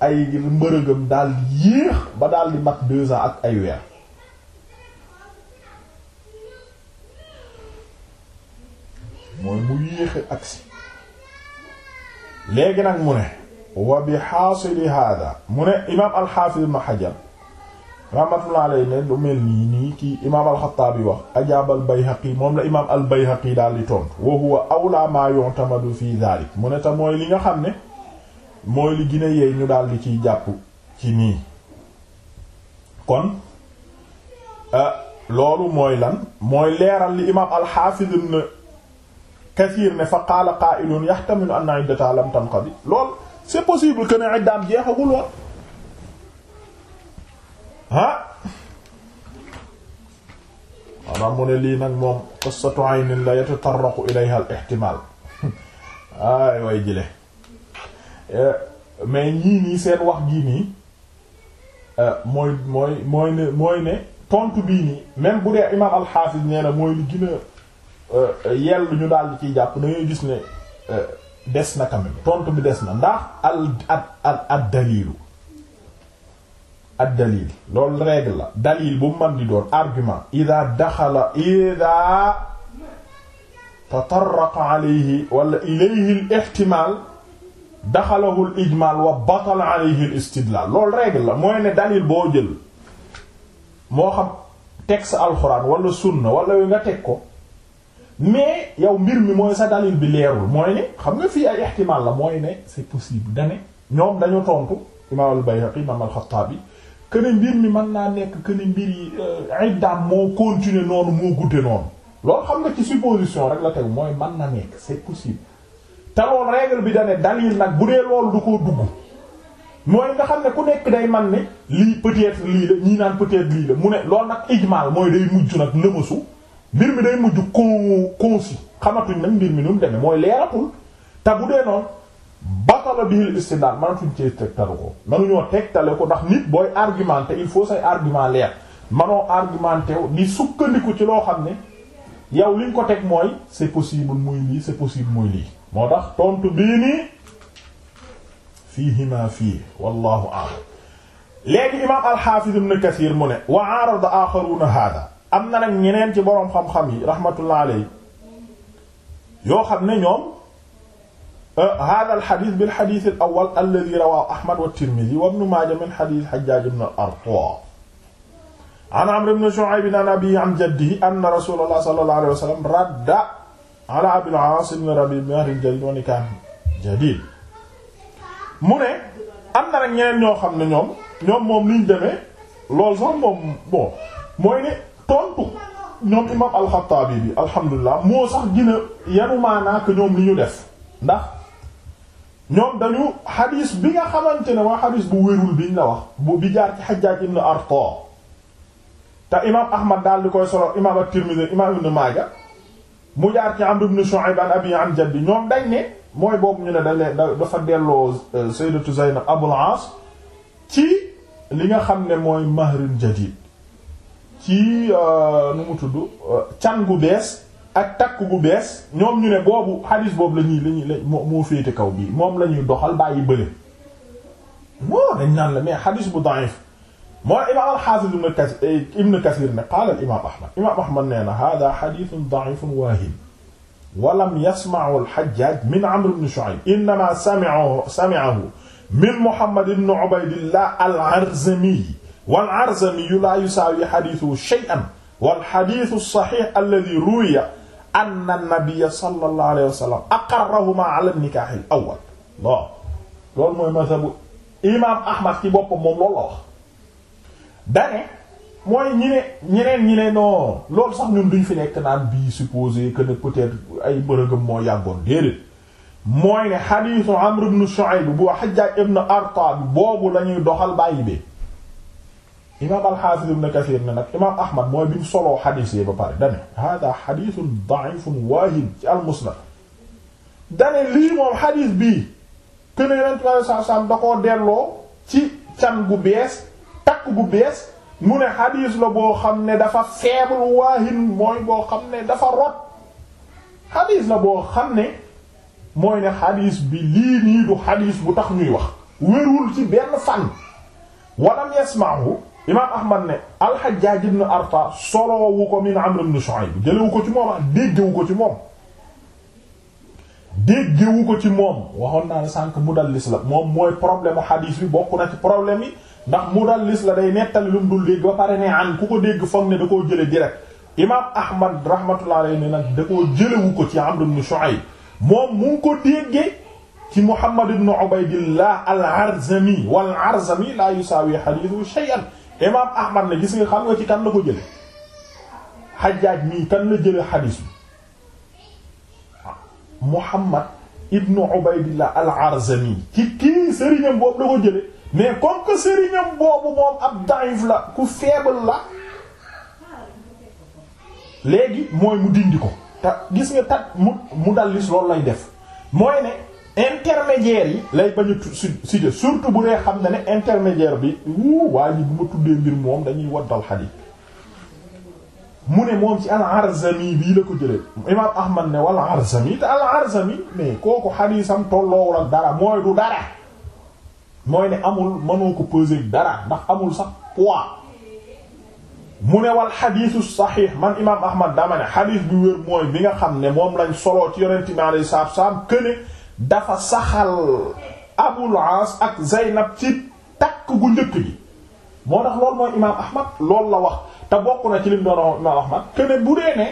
ay mbërëgam daal yéex ba daal di mat deux ak ay weer mooy mu yéexe agsi léegi nag mu ne wa bi xaasili hada mu ne imaam alxaafiz ibn xajar rahmatullah alayhi ne lu mel nii nii kii imaam alxataabi wax ajaab albayhaqi moom la imaam albayhaqi daal di tontu wa huwa awla ma yu'tamadu fi dhalik mu ne li nga xam ne mooy li gine yeey ñu daal di ciy jàpp ci nii kon eh, loolu mooy lan mooy leeral li imaam alxaafiz ibn Kathir ne fa qaala qaa'ilun yahtamilu anna iddataha lam tanqadi lool c'est possible que ne iddaam jeexagul woon ah maanaam mu ne lii nag moom qissatu aynin la yatatarraqu ilayha al ay way jële eh, mais ñii nii seen wax gii nii eh, mooy mooy mooy ne mooy ne tontu bii nii même bu dee imaam al nee na mooy li gën a Euh, yell ñu daal di ciy jàpp da ngay gis ne euh, des na quand même tontu bi des na ndax al ad ad dalilu ad dalil loolu règle la dalil bu man di doon argument ida daxala ida tatarraqa alayhi wala ilayhi al daxalahu al wa batala alayhi al istidlal loolu mooy ne dalil boo jël moo xam texte alxuraan wala sunna wala yu nga teg ko mais yow mbir mi mooy sa dalil bi leerul mooy ne xam nga fii ay ihtimal la mooy ne c'est possible dane ñoom dañu tontu imam al-Bayhaqi imam al-Khattabi que ne mbir mi man naa nekk que ne mbir yi euh, iddaam moo continuer noonu moo guddee noonu loolu xam nga ci supposition rek la teg mooy man na nekk c'est possible te loolu règle bi dane dalil nag bu dee loolu du koo dugg mooy nga xam ne ku nekk day man ne lii peut-être lii la ñii naan peut-être lii la mu ne loolu nag ijmal mooy day mujj nag mbir mi day mujj con xamatuñ nag mbir mi nu mu demee mooy leeratul te bu dee noonu batala bil istidlal mënatuñ cee tegtalu ko mënuñoo tegtale ko ndax nit booy argumenter il faut say argument leer manoo argumenter li sukkandiku ci loo xam ne yow liñ ko teg mooy c'est possible muy lii c'est possible muy lii moo tax tontu bii nii fiihima fii wallahu a'lam léegi imam al-Hafiz ibn mu ne wa arada axaruna hada am na nag ci boroom xam-xam rahmatullah alayhi yoo xam ne ñoom euh, hada al xadis bil xadis al awwal alladi rawaahu ahmad wa tirmidi wa ibnu maaja min xadis xajjaaj ibn al artaa an amr ibn shu'ayb an abiihi an jaddihi anna rasulallah sallallahu alayhi wa sallam radda ala abil aas ibn rabii' bi mahrin jadiid mu ne am na nag ñeneen ñoo xam ne ñoom ñoom moom liñ demee loolu sax moom tontu ñoom imam alxataabi bi alhamdulilah moo sax gën a yanu maanaa ñoom li ñu def ndax ñoom dañu xadis bi nga xamante ne waa xadis bu wérul biñ nga wax bi jaar ci Hajjaj ibn Arta te imam ahmad daal di koy solo imam at-Tirmidhi imam ibn Maaja mu jaar ci Amr ibn Shu'ayb an abi an jaddi ñoom dañ ne mooy boobu ñu ne dañ ne dafa delloo euh, sayyidatu Zaynab Abul Aas ci li nga xam ne mooy mahrun jadid ci euh, nu mu tudd euh, can gu bees ak takk gu bees ñoom ñu ne boobu hadis boobu la ñuy la ñuy la moo féete kaw bii moom la ñuy doxal bàyyi bële moo dañ naan la mais hadis bu da'if moo imam al-Hafiz ibn Kathir eh, ibn Kathir ne qaala al-imam Ahmad imam Ahmad nee na hada hadithun da'ifun waahin wa lam yasma'u al-Hajjaj min Amr ibn Shu'ayb innama sami'ahu sami'ahu min Muhammad ibn Ubaydillah al-Arzami wal arzamiyu laa yusaawi xadiisuhu shay'an wal xadiisu saxiix alladi ruwiya anna nabiyya sallallahu alayhi wa sallam aqarrahumaa ala nikaaxil awwal bon loolu mooy mazhabu imaam Ahmad ci boppam moom loolu la wax. dane mooy ñi ne ñeneen ñi ne non loolu sax ñun duñ fi nekk naan bii supposé que ne peut-être ay bërëgëm moo yàggoon déedéet. mooy ne xadiisu Amr ibn Shu'ayb bu Hajjaaj ibn Arta boobu la ñuy doxal bàyyi bee. imaam al-Hafiz ibn Kathir ne nag imaam Ahmad mooy bi mu soloo xadiis yi ba pare dane hada xadiisun da'ifun waahin ci al-Musnad dane lii moom xadiis bii kuene yonentu Yàlla sallallahu alayhi wasallam koo delloo ci can gu bees takk gu bees mu ne xadiis la boo xam ne dafa faible waahin mooy boo xam ne dafa rot xadiis la boo xam ne mooy ne xadiis bi lii nii du xadiis bu tax ñuy wax wérul ci benn fan walam yasma'u imaam ahmad ne al-Hajjaj ibn Arta soloowu ko min Amr ibn Shu'ayb jëlewu ko ci moom ah ko ci moom déggewu ko ci moom waxoon naa ne sànq mudallis la moom mooy problème u xadiis bi bokk na problème yi ndax mudallis la day nettali lu mu dul dégg ba ne an ku ko dégg foog ne da koo jële direct imaam ahmad rahmatullah alayhi ne nag da koo jëlewu ko ci Amr ibn Shu'ayb moom mu ngi ko déggee ci Muhammad ibn Ubaydillah al-Arzami wal-Arzami la yusaawi hadithu shay'an imaam ahmad ne gis nga xam nga ci kan la ko jële xajaaj mii kan la jële xadiis bi muhammad ibnu ubaydillah al arzami ci kii sëriñam boobu la ko jële mais comme que sëriñam boobu moom ab daif la ku faible la léegi mooy mu dindi ko te gis nga tat mu mu dallis loolu lay def mooy ne intermédiaire yi lay bañ a cité surtout bu dee xam ne ne intermédiaire bi wuu waa ji bu ma tuddee mbir moom dañuy waddal xadiis mu ne moom ci al-Arzami bii la ko jëlee imaam Ahmad ne wal Arzami te al-Arzami mais kooku xadiisam tolloowul ak dara mooy du dara mooy ne amul mënoo ko peser dara ndax amul sax poids mu ne wal xadiisu saxiix man imaam Ahmad dama ne xadiis bi wér mooy bi nga xam ne moom lañ solo ci yonent mi alayhi salaatu wa dafa saxal Abul Aas ak Zaynab ci takk gu njëkk gi moo tax loolu mooy imaam Ahmad loolu la wax te bokk na ci lim doon imaam Ahmad keneen bu dee ne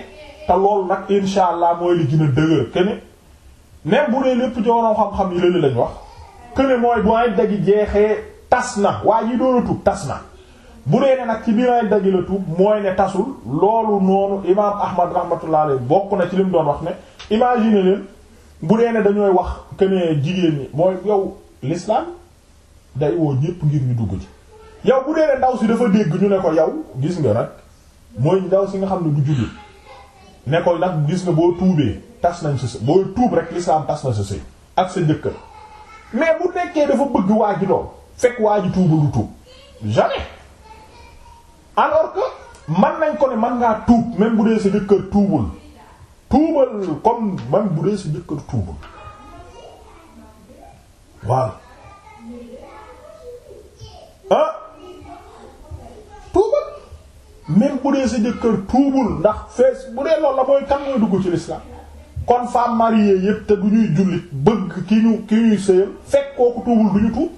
te loolu nag insha allah mooy li gën a dëgër keneen même bu dee lépp jooroom xam-xam yi lële lañ wax keneen mooy bu ay dagi jeexee tas na waaye yi doon a tub tas na bu dee ne nag ci biir ay dagi la tub mooy ne tasul loolu noonu imaam Ahmad rahmatullah alayhi bokk na ci lim doon wax ne imagine leen bu dee ne dañooy wax que jigéen ñi mooy yow l'islam day woo ñépp ngir ñu dugg ci. yow bu dee ne ndaw si dafa dégg ñu ne ko yow gis nga nag mooy ndaw si nga xam ne bu jullit ne ko nag gis nga boo tuubee tas nañ sa sëy boo tuub rek l'islam tas na sa sëy ak sa jëkkër mais bu nekkee dafa bëgg waa ji lool fekk waa ji tuubu lu tuub jamais alors que mën nañ ko ne mën ngaa tuub même bu dee sa jëkkër tuubul. tuubal comme man bu dee sa jëkkër tuubal waaw ah tuubal même bu dee sa jëkkër tuubul ndax fees bu dee loolu la mooy tam mooy dugg ci l'islam kon femme mariée yépp te du ñuy jullit bëgg ki ñu ki ñuy sëyal fekk kooku tuubul du ñu tuub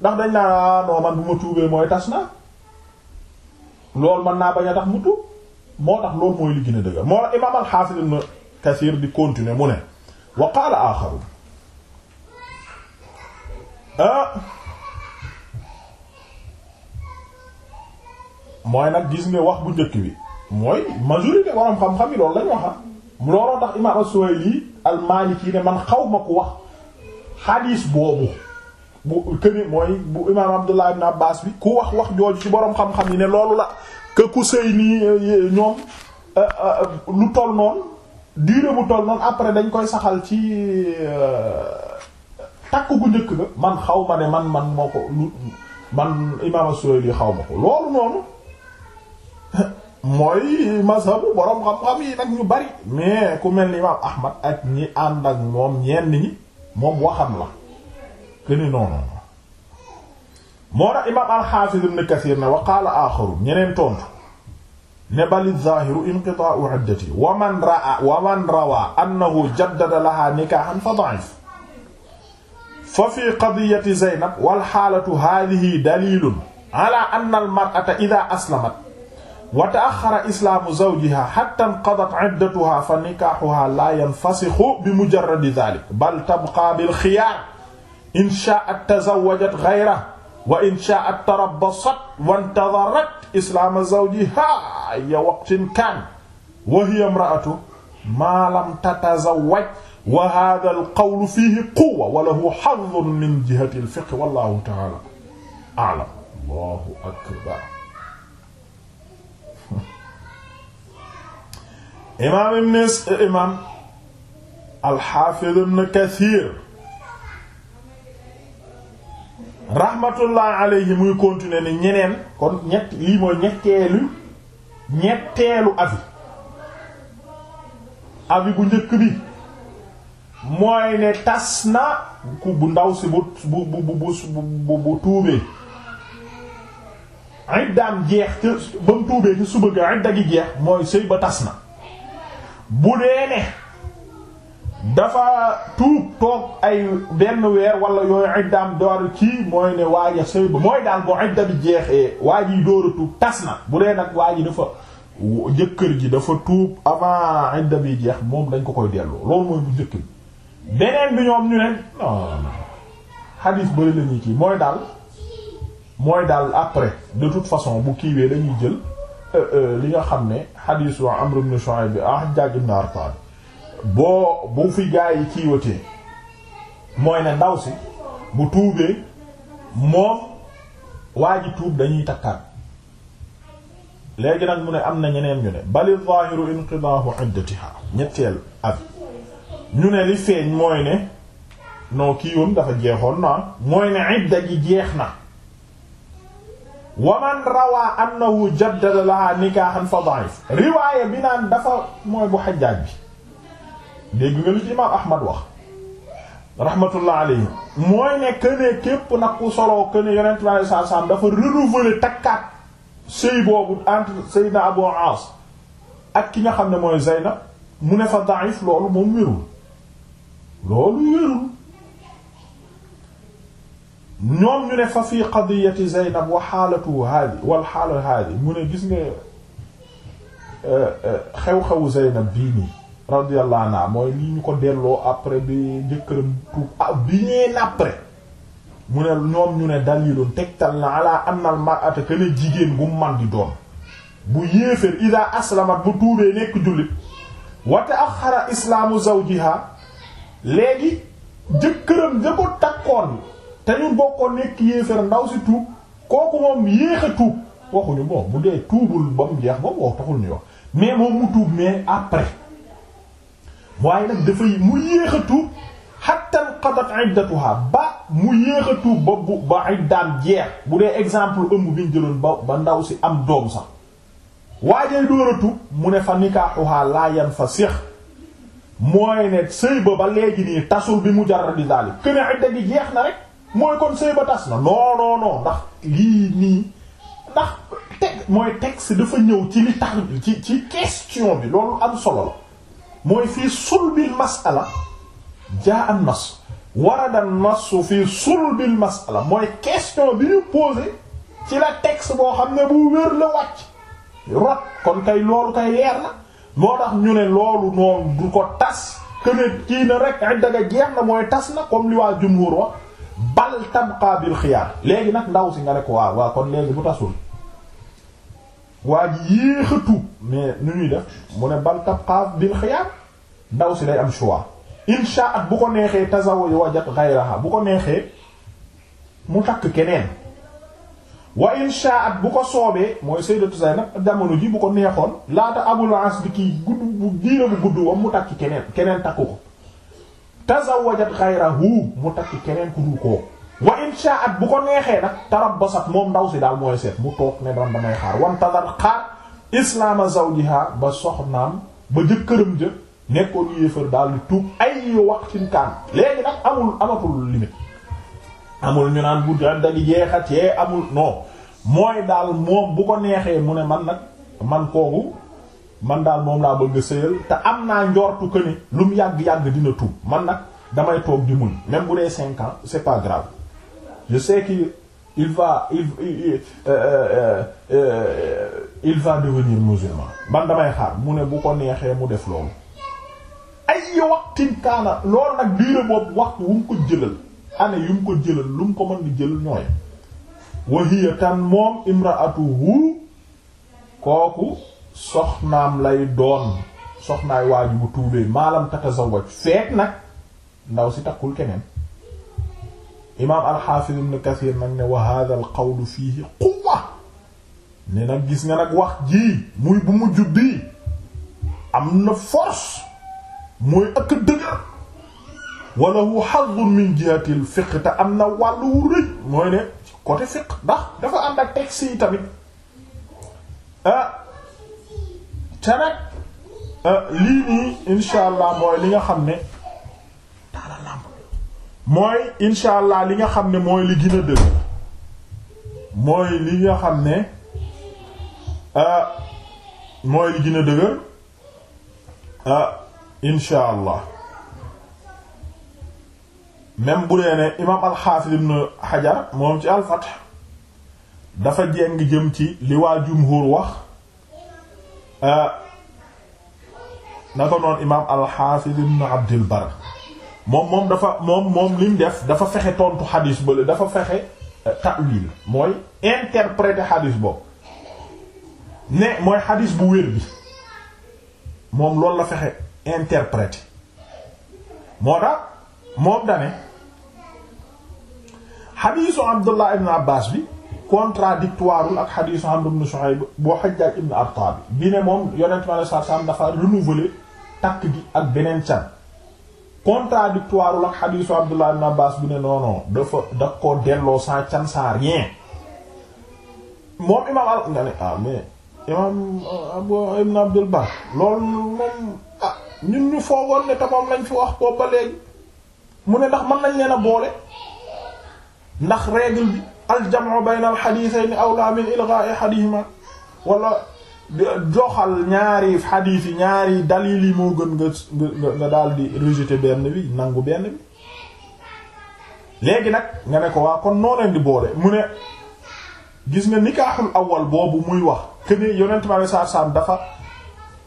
ndax dañ naa ah, non man bu ma tuubee mooy tas na loolu mën naa bañ a tax mu tuub moo tax loolu mooy li gën a dëgër moo tax imaam al-Hafiz di continuer mu ne wa qaala ah, mooy nag gis nga wax bu njëkk bi mooy majorité borom xam-xam yi loolu lañ wax looloo tax imaam as-Suhayli al ne man xaw ma ko wax xadiis boobu bu këni mooy bu imaam Abdullah ibn Abbas bi ku wax wax jooju ci borom xam-xam yi ne loolu la que ku sëy nii eh, eh, ñoom eh, lu toll noonu durée bu toll noonu après dañ koy saxal ci takk gu njëkk ba man xaw ma ne man man moo ko lu man imaam a suwayli xaw ma ko loolu noonu mooy mazhabu boroom xam-xam yi nag ñu bari mais ku mel ni imaam Ahmad ak ñi ànd ak moom ñenn ñi moom waxam la que ni non moo tax imaam alxaafiz ibn Kasiir ne wa qaala aaxarun ñeneen tontu ne bali zaahiru inqitaa'u iddati wa man ra'a wa man rawaa annahu jaddada lahaa nikaahan fa da'if fa fi qadiyati Zeynab wal xaalatu haadihi daliilun ala anna al-mar'ata idaa aslamat wa ta'axxara islaamu zawjihaa hattaa inqadat iddatuhaa fa nikaahuhaa laa yanfasixu bi mujarradi zaalik bal tabqaa bil xiyaar in shaa'at tazawwajat ghayrahu wa in sha'at tarabbasat wa intadharat islaama zawjiha ya waqtin kaan wa hiya imra'atu maa lam tatazawwaj wa haadha al-qawlu fiihi quwwa wa lahu hazzun min jihati al-fiqh wallaahu ta'aala a'lam. Allahu akbar. imaam ibn imaam al-Haafiz ibn Kathiir rahmatullah yi muy continuer ni ñeneen kon ñett lii mooy ñetteelu ñetteelu avis avis bu njëkk bi mooy ne tas na ku bu ndaw si bu bu bu bu bu tuubee iddaam jeex ca ba tuubee ci suba ga idda gi jeex mooy sëy ba tas na bu dee ne dafa tuub toog ay benn weer wala yooyu iddaam door ci mooy ne waaja sëy ba mooy daal bu idda jeexee waa jiy door tuub tas na bu dee nag waa ji dafa jëkkër ji dafa tuub avant idda bi jeex moom dañ ko koy delloo loolu mooy bu jëkkër bi beneen bi ñoom ñu ne xadiis bëri la kii mooy daal mooy daal après de toute façon bu kiiwee dañuy jël euh, euh, li nga xam ne xadiisu Amr ibn Shu'ayb bi ah Hajjaj ibn Arta boo bu fi gaa yi kiiwatee mooy ne ndaw si bu tuubee moom waa ji tuub dañuy takkaat léegi nag mu ne am na ñeneen ñu ne bali zahiru inqidahu iddatiha ñetteel ab ñu ne li feeñ mooy ne non kiiwam dafa jeexoon na mooy ne idda ji jeex na wa man rawaa annahu jaddada laha nikahan fa da'if riwaaya bi naan dafa mooy bu xajaaj bi dégg nga li ci imaam Ahmad wax rahmatullah alayhi mooy ne këne képp nag ku soloo këne yonent bi alayhi salaam dafa renouveler takkaat sëy boobu entre Seydina Abu Aas ak ki nga xam ne mooy Zeynab mu ne fa da'if loolu moom wérul loolu wérul ñoom ñu ne fa fii qadiyati Zeynab wa xaalatu haadi wal xaalatu haadi mu ne gis nga euh, euh, xew-xewu Zeynab bii nii radiyallahu anha mooy lii ñu ko delloo après bi jëkkëram tuub ah bi ñeen après mu ne ñoom ñu ne dalilun tegtal na ala annal mar'ata que ne jigéen bu man di doon bu yéeféer ida aslamat bu tuubee nekk jullit wa ta'akhkhara islaamu zawjiha léegi jëkkëram ja ko takkoon te ñu bokkoon nekk yéeféer ndaw si tuub kooku moom yéex tuub waxuñu bon bu dee tuubul ba jeex ba taxul ñu wax mais moom mu tuub mais après waaye nag dafay mu yéex a tuub hatta qadat ba mu yéex a tuub ba bu jeex bu dee exemple ëmb bi ñu jëloon ba ba ndaw si am doom sax waajay door a mu ne fa nikaaxuha laa yan fa séex mooy ne sëy ba léegi nii tasul bi mujarradi daali këne idda gi jeex na rek mooy kon sëy ba tas na non ndax lii nii ndax teg mooy texte dafa ñëw ci li tax ci ci question bi loolu am solo la mooy fii sulbil masala jaa an nas warada nas fii sulbil masala mooy question bi ñu posé ci la texte boo xam ne bu wér la wàcc rot kon kay loolu kay leer na moo tax ñu ne loolu noonu du ko tas que ne kii na rek ay daga jeex na mooy tas na comme li waa jumhur wax bal tabqa bil xiyaar léegi nag ndaw si nga ne ko waaw waa kon léegi bu tasul waa ji yéex a tuub ñuy def mu ne bal tabqa bil xiyaar ndaw si day am choix insha at bu ko neexee tazawwaj wajat ghayraha bu ko neexee mu takk keneen wa insha at bu ko soobee mooy sayyidatu Zaynab jamono ji bu ko neexoon laata Abul As bi gudd bu diina bu gudd wam mu takk keneen keneen takku ko tazawwajat ghayrahu mu takk keneen ku ko wa insha'at bu ko neexee nag tarabbasat moom ndaw si daal mooy seet mu toog ne daan damay xaar wantazar xaar islaama zawjiha ba soxnaam ba jëkkëram ja nekkoon yéefar daal di tuub ay waqtin kaan léegi nag amul amatul limite amul ñu naan bu dagi jeexat yee amul non mooy daal moom bu ko neexee mu ne man nag man kooku man daal moom laa bëgg sëyal te am naa njortu que ne lu mu yàgg-yàgg dina tuub man nag damay toog di muñ même bu dee cinq ans je sais qu'il il va euh, euh, euh, il va devenir musulman man damay xaar mu ne bu ko neexee mu def loolu ay waxtin kaana loolu nag diire boobu waxtu wu mu ko jëlal année yu mu ko jëlal lu mu ko mën di jëlal ñooy wahiya tan moom imraatuhu kooku soxnaam lay doon soxnaay waaju bu tuubee maalam tatazawwaj feek nag ndaw si takkul keneen imaam alxaafiz ibn kathir nag ne wa hadha al qawlu fiihi quwwa ne nag gis nga nag wax jii muy bu mujj bii am na force mooy ak dëgër wala hu hazzun min jihati al fiqh te am na wàllu wu rëj mooy ne côté fiqh ndax dafa ànd ak texte yi tamit ah te nag ah, lii nii insha allah mooy li nga xam ne mooy incha allah li nga xam ne mooy li gën a dëgg mooy li nga xam ne ah mooy li gën a dëgër ah allah même bu dee ne imaam alxaafis ibn xajar moom ci alfath dafa jeng jëm ci liwaa waa jumhur wax ah na ko noon imaam alxaafis ibn abdil bar moom moom dafa moom moom li def dafa fexe tontu xadis bale dafa fexe euh, ta'wil mooy interpréter xadis boobu ne mooy xadis bu wér bi moom loolu la fexe interpréter moo tax moom dane xadisu Abdullah ibn Abbas bi contradictoireul ak xadisu Amr ibn Shuayb boo Hajjaj ibn Arta bi bi ne moom yonent mi sallallahu alayhi wasallam dafa renouveler takk gi ak beneen can contradictoire ak xadiisu Abdullah ibn baas bu ne non non dafa da koo delloo sans can sans rien moom imaam al nga ne ah mais imaam Abu Abdul Bar loolu moom ah ñun ñu foogoon ne te lañ fi wax boobu ba léegi mu ne ndax mën nañ leen a boole ndax règle bi al jam'u bayna al hadithayni awla min ilgha'i hadithima wala joxal ñaari xadiis yi ñaari dalil yi moo gën nga nga daal di rejeter benn bi nangu benn bi léegi nag nga ne ko waa kon noo di boole mu ne gis nga nikaaxul awal boobu muy wax que ne yonent ma dafa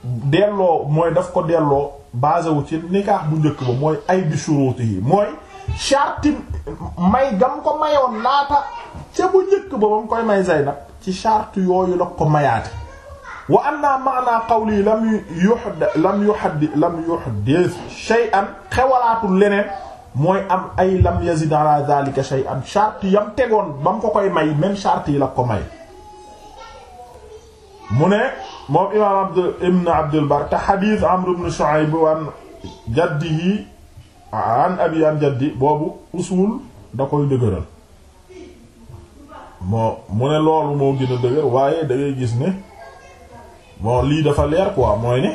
delloo mooy daf ko delloo basé wu ci nikaax bu njëkk ba mooy ay bi suruuti yi mooy charti may gam ko mayoon laata ca bu njëkk ba ba mu koy may Zaynab ci charte yooyu la ko mayaate wa anna maana qawli lam yuhd lam yuhd lam yuhdith shay'an xewalaatul leneen mooy am ay lam yazid ala dhalika shay'an yam tegoon ba mu ko koy may même charte yi la ko may mu ne moom imaam abd ibn abdul te xadiis amr ibn shu'ayb an jaddihi an abi an jaddi boobu usul da koy dëgëral mu ne loolu moo gën dëgër waaye da gis ne bon lii dafa leer quoi mooy ne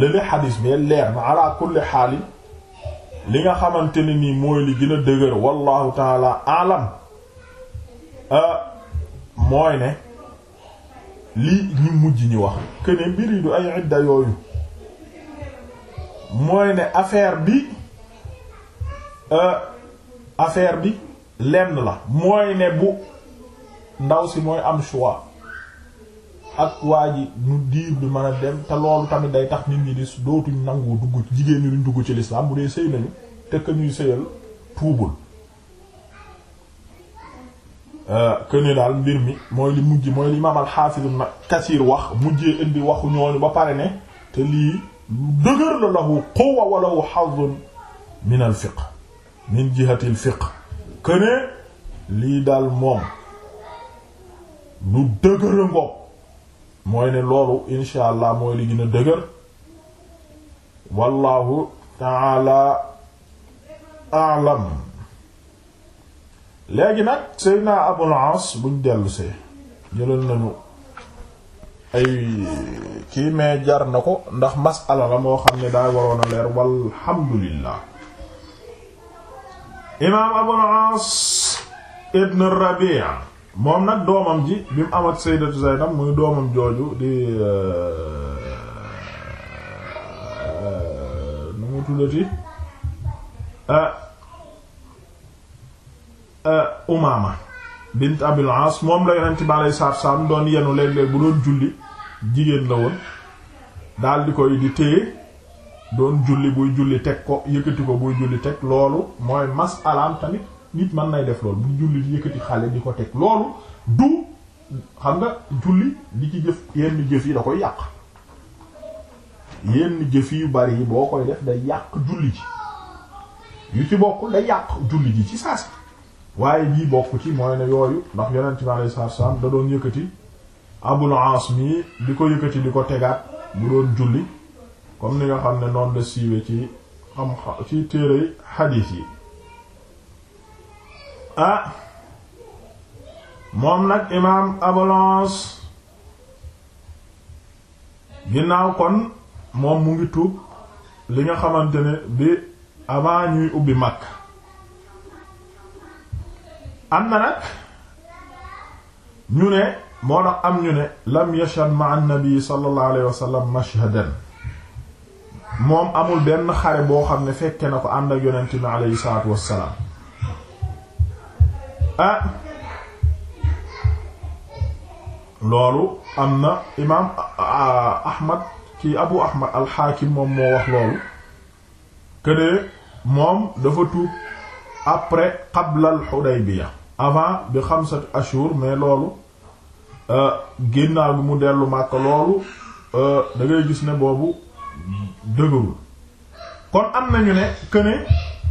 lële xadis bi leer na ala kulli xaalin li nga xamante ne nii mooy li gën a dëgër wallahu taala alam euh, mooy ne lii ñu mujj ñi wax que ne mbir ay idda yooyu mooy ne affaire bi euh, affaire bi lenn la mooy ne bu ndaw si mooy am choix ak waa ji nu diir bi mën a dem te loolu tamit day tax nit ñi di dootuñ nangoo dugg jigéen ñi duñ dugg ci lislaam bu dee sëy nañu te que ñuy sëyal tuubul këne euh, daal mbir mi mooy li mujj mooy li imaam al-Hafiz Ibn wax mujjee indi waxu ñooñu ba pare ne te lii dëgër la lahu quwwa wa lahu hazzun min al-fiqh min jihati al këne lii daal moom lu dëgër a mooy ne loolu insha allah mooy li gën a dëgër wallahu taala alam léegi nag Seydina Abul As buñ dellusee jëlal nañu ay kii mais jar na ko ndax masala la moo xam ne daa waroon a leer walhamdulillah imaam Abul As ibn Rabi' moom nag doomam ji bi mu am ak sayyidatu Zaynab muy doomam jooju di euh, euh, nu mu tuddati euh, Umaama bint Abil moom la yonent bi alayhi salaatu salaam doon yenu léeg-léeg bu doon julli jigéen la woon daal di koy di téye doon julli buy julli teg ko yëkkati ko buy julli teg loolu mooy masalaam tamit nit mën nay def loolu bu julli yëkkati xale di ko teg loolu du xam nga julli di ci jëf yenn jëf yi da koy yàq yenn jëf yu bari yi boo koy def day yàq julli ji yu ci bokk da yàq julli ji ci saasi waaye jii bokk ci mooy ne yooyu ndax yonent bi alayhi salaatu salaam da doon yëkkati Abul Aas mi di ko yëkkati di ko tegaat bu doon julli comme ni nga xam ne noonu la siiwee ci xam ci téere xadiis yi ah moom nag imaam Abul Aas ginnaaw kon moom mu ngi tuub li nga xamante ne bi avant ñuy ubbi mag am na nag ñu ne moo tax am ñu ne lam yashhad ma an-nabi sallallahu alayhi moom amul benn xare boo xam ne fekke na ko ànd ak yonent bi alayhi salaatu wassalaam ah loolu am na imaam ah, ahmad ci abu ahmad alxaakim moom moo wax loolu kënee moom dafa tuub après qabla al Hudaybiya avant bi xamsat ashur mais loolu euh, génnaaw bi mu dellu Makka loolu euh, dangay gis ne boobu dëgërul kon am nañu ne këne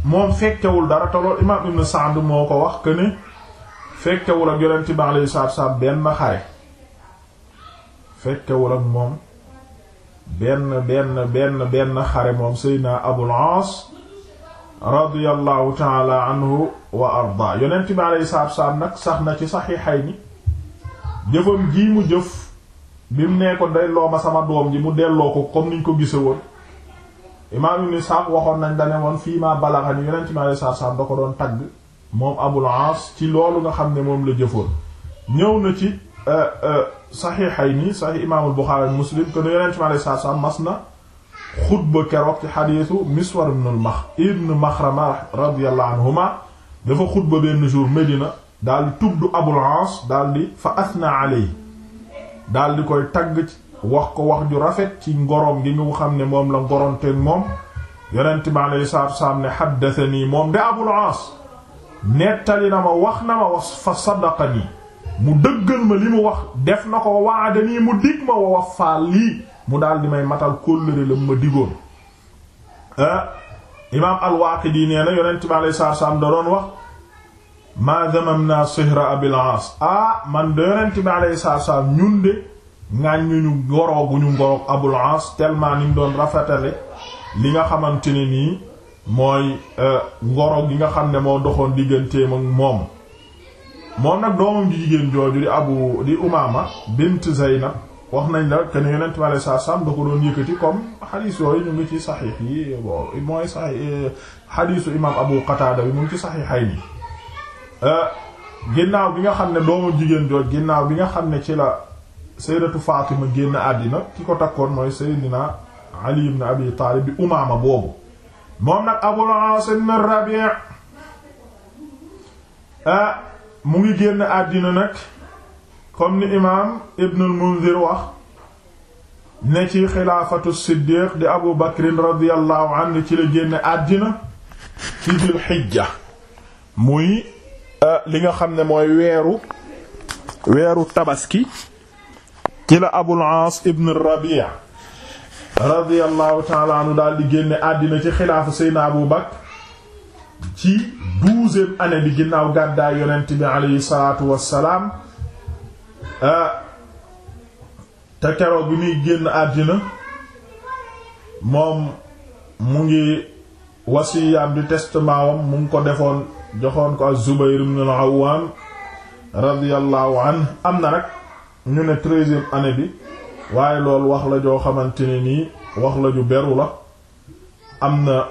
moom fekkewul dara te imaam ibn Sa'd moo ko wax këne fekkewul ak yonent bi alayhi salaatu salaam benn xare fekkewul ak moom benn benn benn benn xare moom Seydina Abul Aas radiyallahu taala anhu wa arda yonent bi alayhi salaatu salaam nag sax na ci Sahihayni jëfam ji mu jëf bi mu nee ko delloo ma sama doom ji mu delloo ko comme niñ ko gise woon imaam ibn Sa'd waxoon nañ dane woon fii ma balaxa ni yonent bi alayhi salaatu da ko doon tagg moom Abul Aas ci loolu nga xam ne moom la jëfoon ñëw na ci euh, euh, saxiixayni saxiix imaamul Buxaari ak Muslim que ne mu mi alayhi salaatu mas na xutba keroog ci xadiisu Miswar ibn al Max ibn Maxrama radiyallahu anhuma dafa xutba benn jour Medina daal di tudd Abul Aas daal di fa asna alayhi daal di koy tagg wax ko wax ju rafet ci ngoroom gi nga xam ne moom la ngoronteen moom Yonent mi alayhi salaatu salaam ne xaddathanii moom de Abul Aas nettali na ma wax na ma wax fa saddaqani mu dëggal ma li mu wax def na ko waadanii mu dig ma wa wafaal lii mu daal di may matal kóllëre la mu ma digoon ah, imaam al-Waaqidi nee na yonent bi alayhi salaatu salaam da doon wax maa damamna sihra Abil Aas ah man de yonent bi alayhi ñun de ŋàññuñu ngorooguñu ngoroog Abul Aas tellement doon rafetale li nga xamante ne nii mooy euh, ngoro gi nga xam ne moo doxoon digganteem ak moom moom nag doomam ji jigéen jooju di abu di umaama bint zaynab wax nañ la kenn yonent bi alei satu salaam da ko doon yëkkati comme xadiis yooyu ñu ngi ci saxiix yi bo mooy saxiix euh, xadiisu imam abu qataada bi mu ngi ci saxiixay ni euh, ginnaaw bi nga xam ne doomam jigéen jooj ginnaaw bi nga xam ne ci la sayyidatu faatima génn àddina ki ko takkoon mooy sayyidina ali ibn abi taalib bi umaama boobu moom nag Abul Aas ibn Rabi' ah mu ngi génn àddina nag comme ni imaam Ibn al-Munzir wax ne ci xilaafatu Siddiq di Abu Bakrin radiyallahu anhu ci la génn àddina ci dul xijja muy li nga xam ne mooy weeru weeru tabaski ci la Abul Aas ibn Rabi' radiyallahu taala anhu daal di génne àddina ci xilaafu Seydina Abu Bakr ci douzième bi ginnaaw gàddaay yonent bi aleyhi salaatu wassalaam te keroog bi muy génn àddina moom mu ngi wasiyaam di testament wam mu ngi ko defoon joxoon ko az-Zubayr ibn al-Awwam radiyallahu anhu am na nag ñu ne treizième année bi waaye loolu wax la joo xamante ne nii wax la ju beru la am na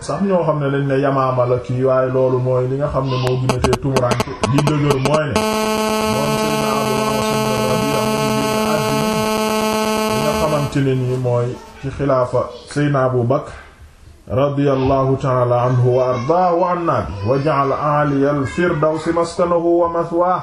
sax ñoo xam ne dañ ne yamaama la kii waaye loolu mooy li nga xam ne moo gën a tee tumuranke li dëgër mooy ne moom li nga xamante ne nii mooy ci xilaafa Seydina Abu Bakr radiyallahu ta'ala anhu wa ardaahu wa annabi wa ja'ala a'liyal firdawsi maskanahu wa mathwaahu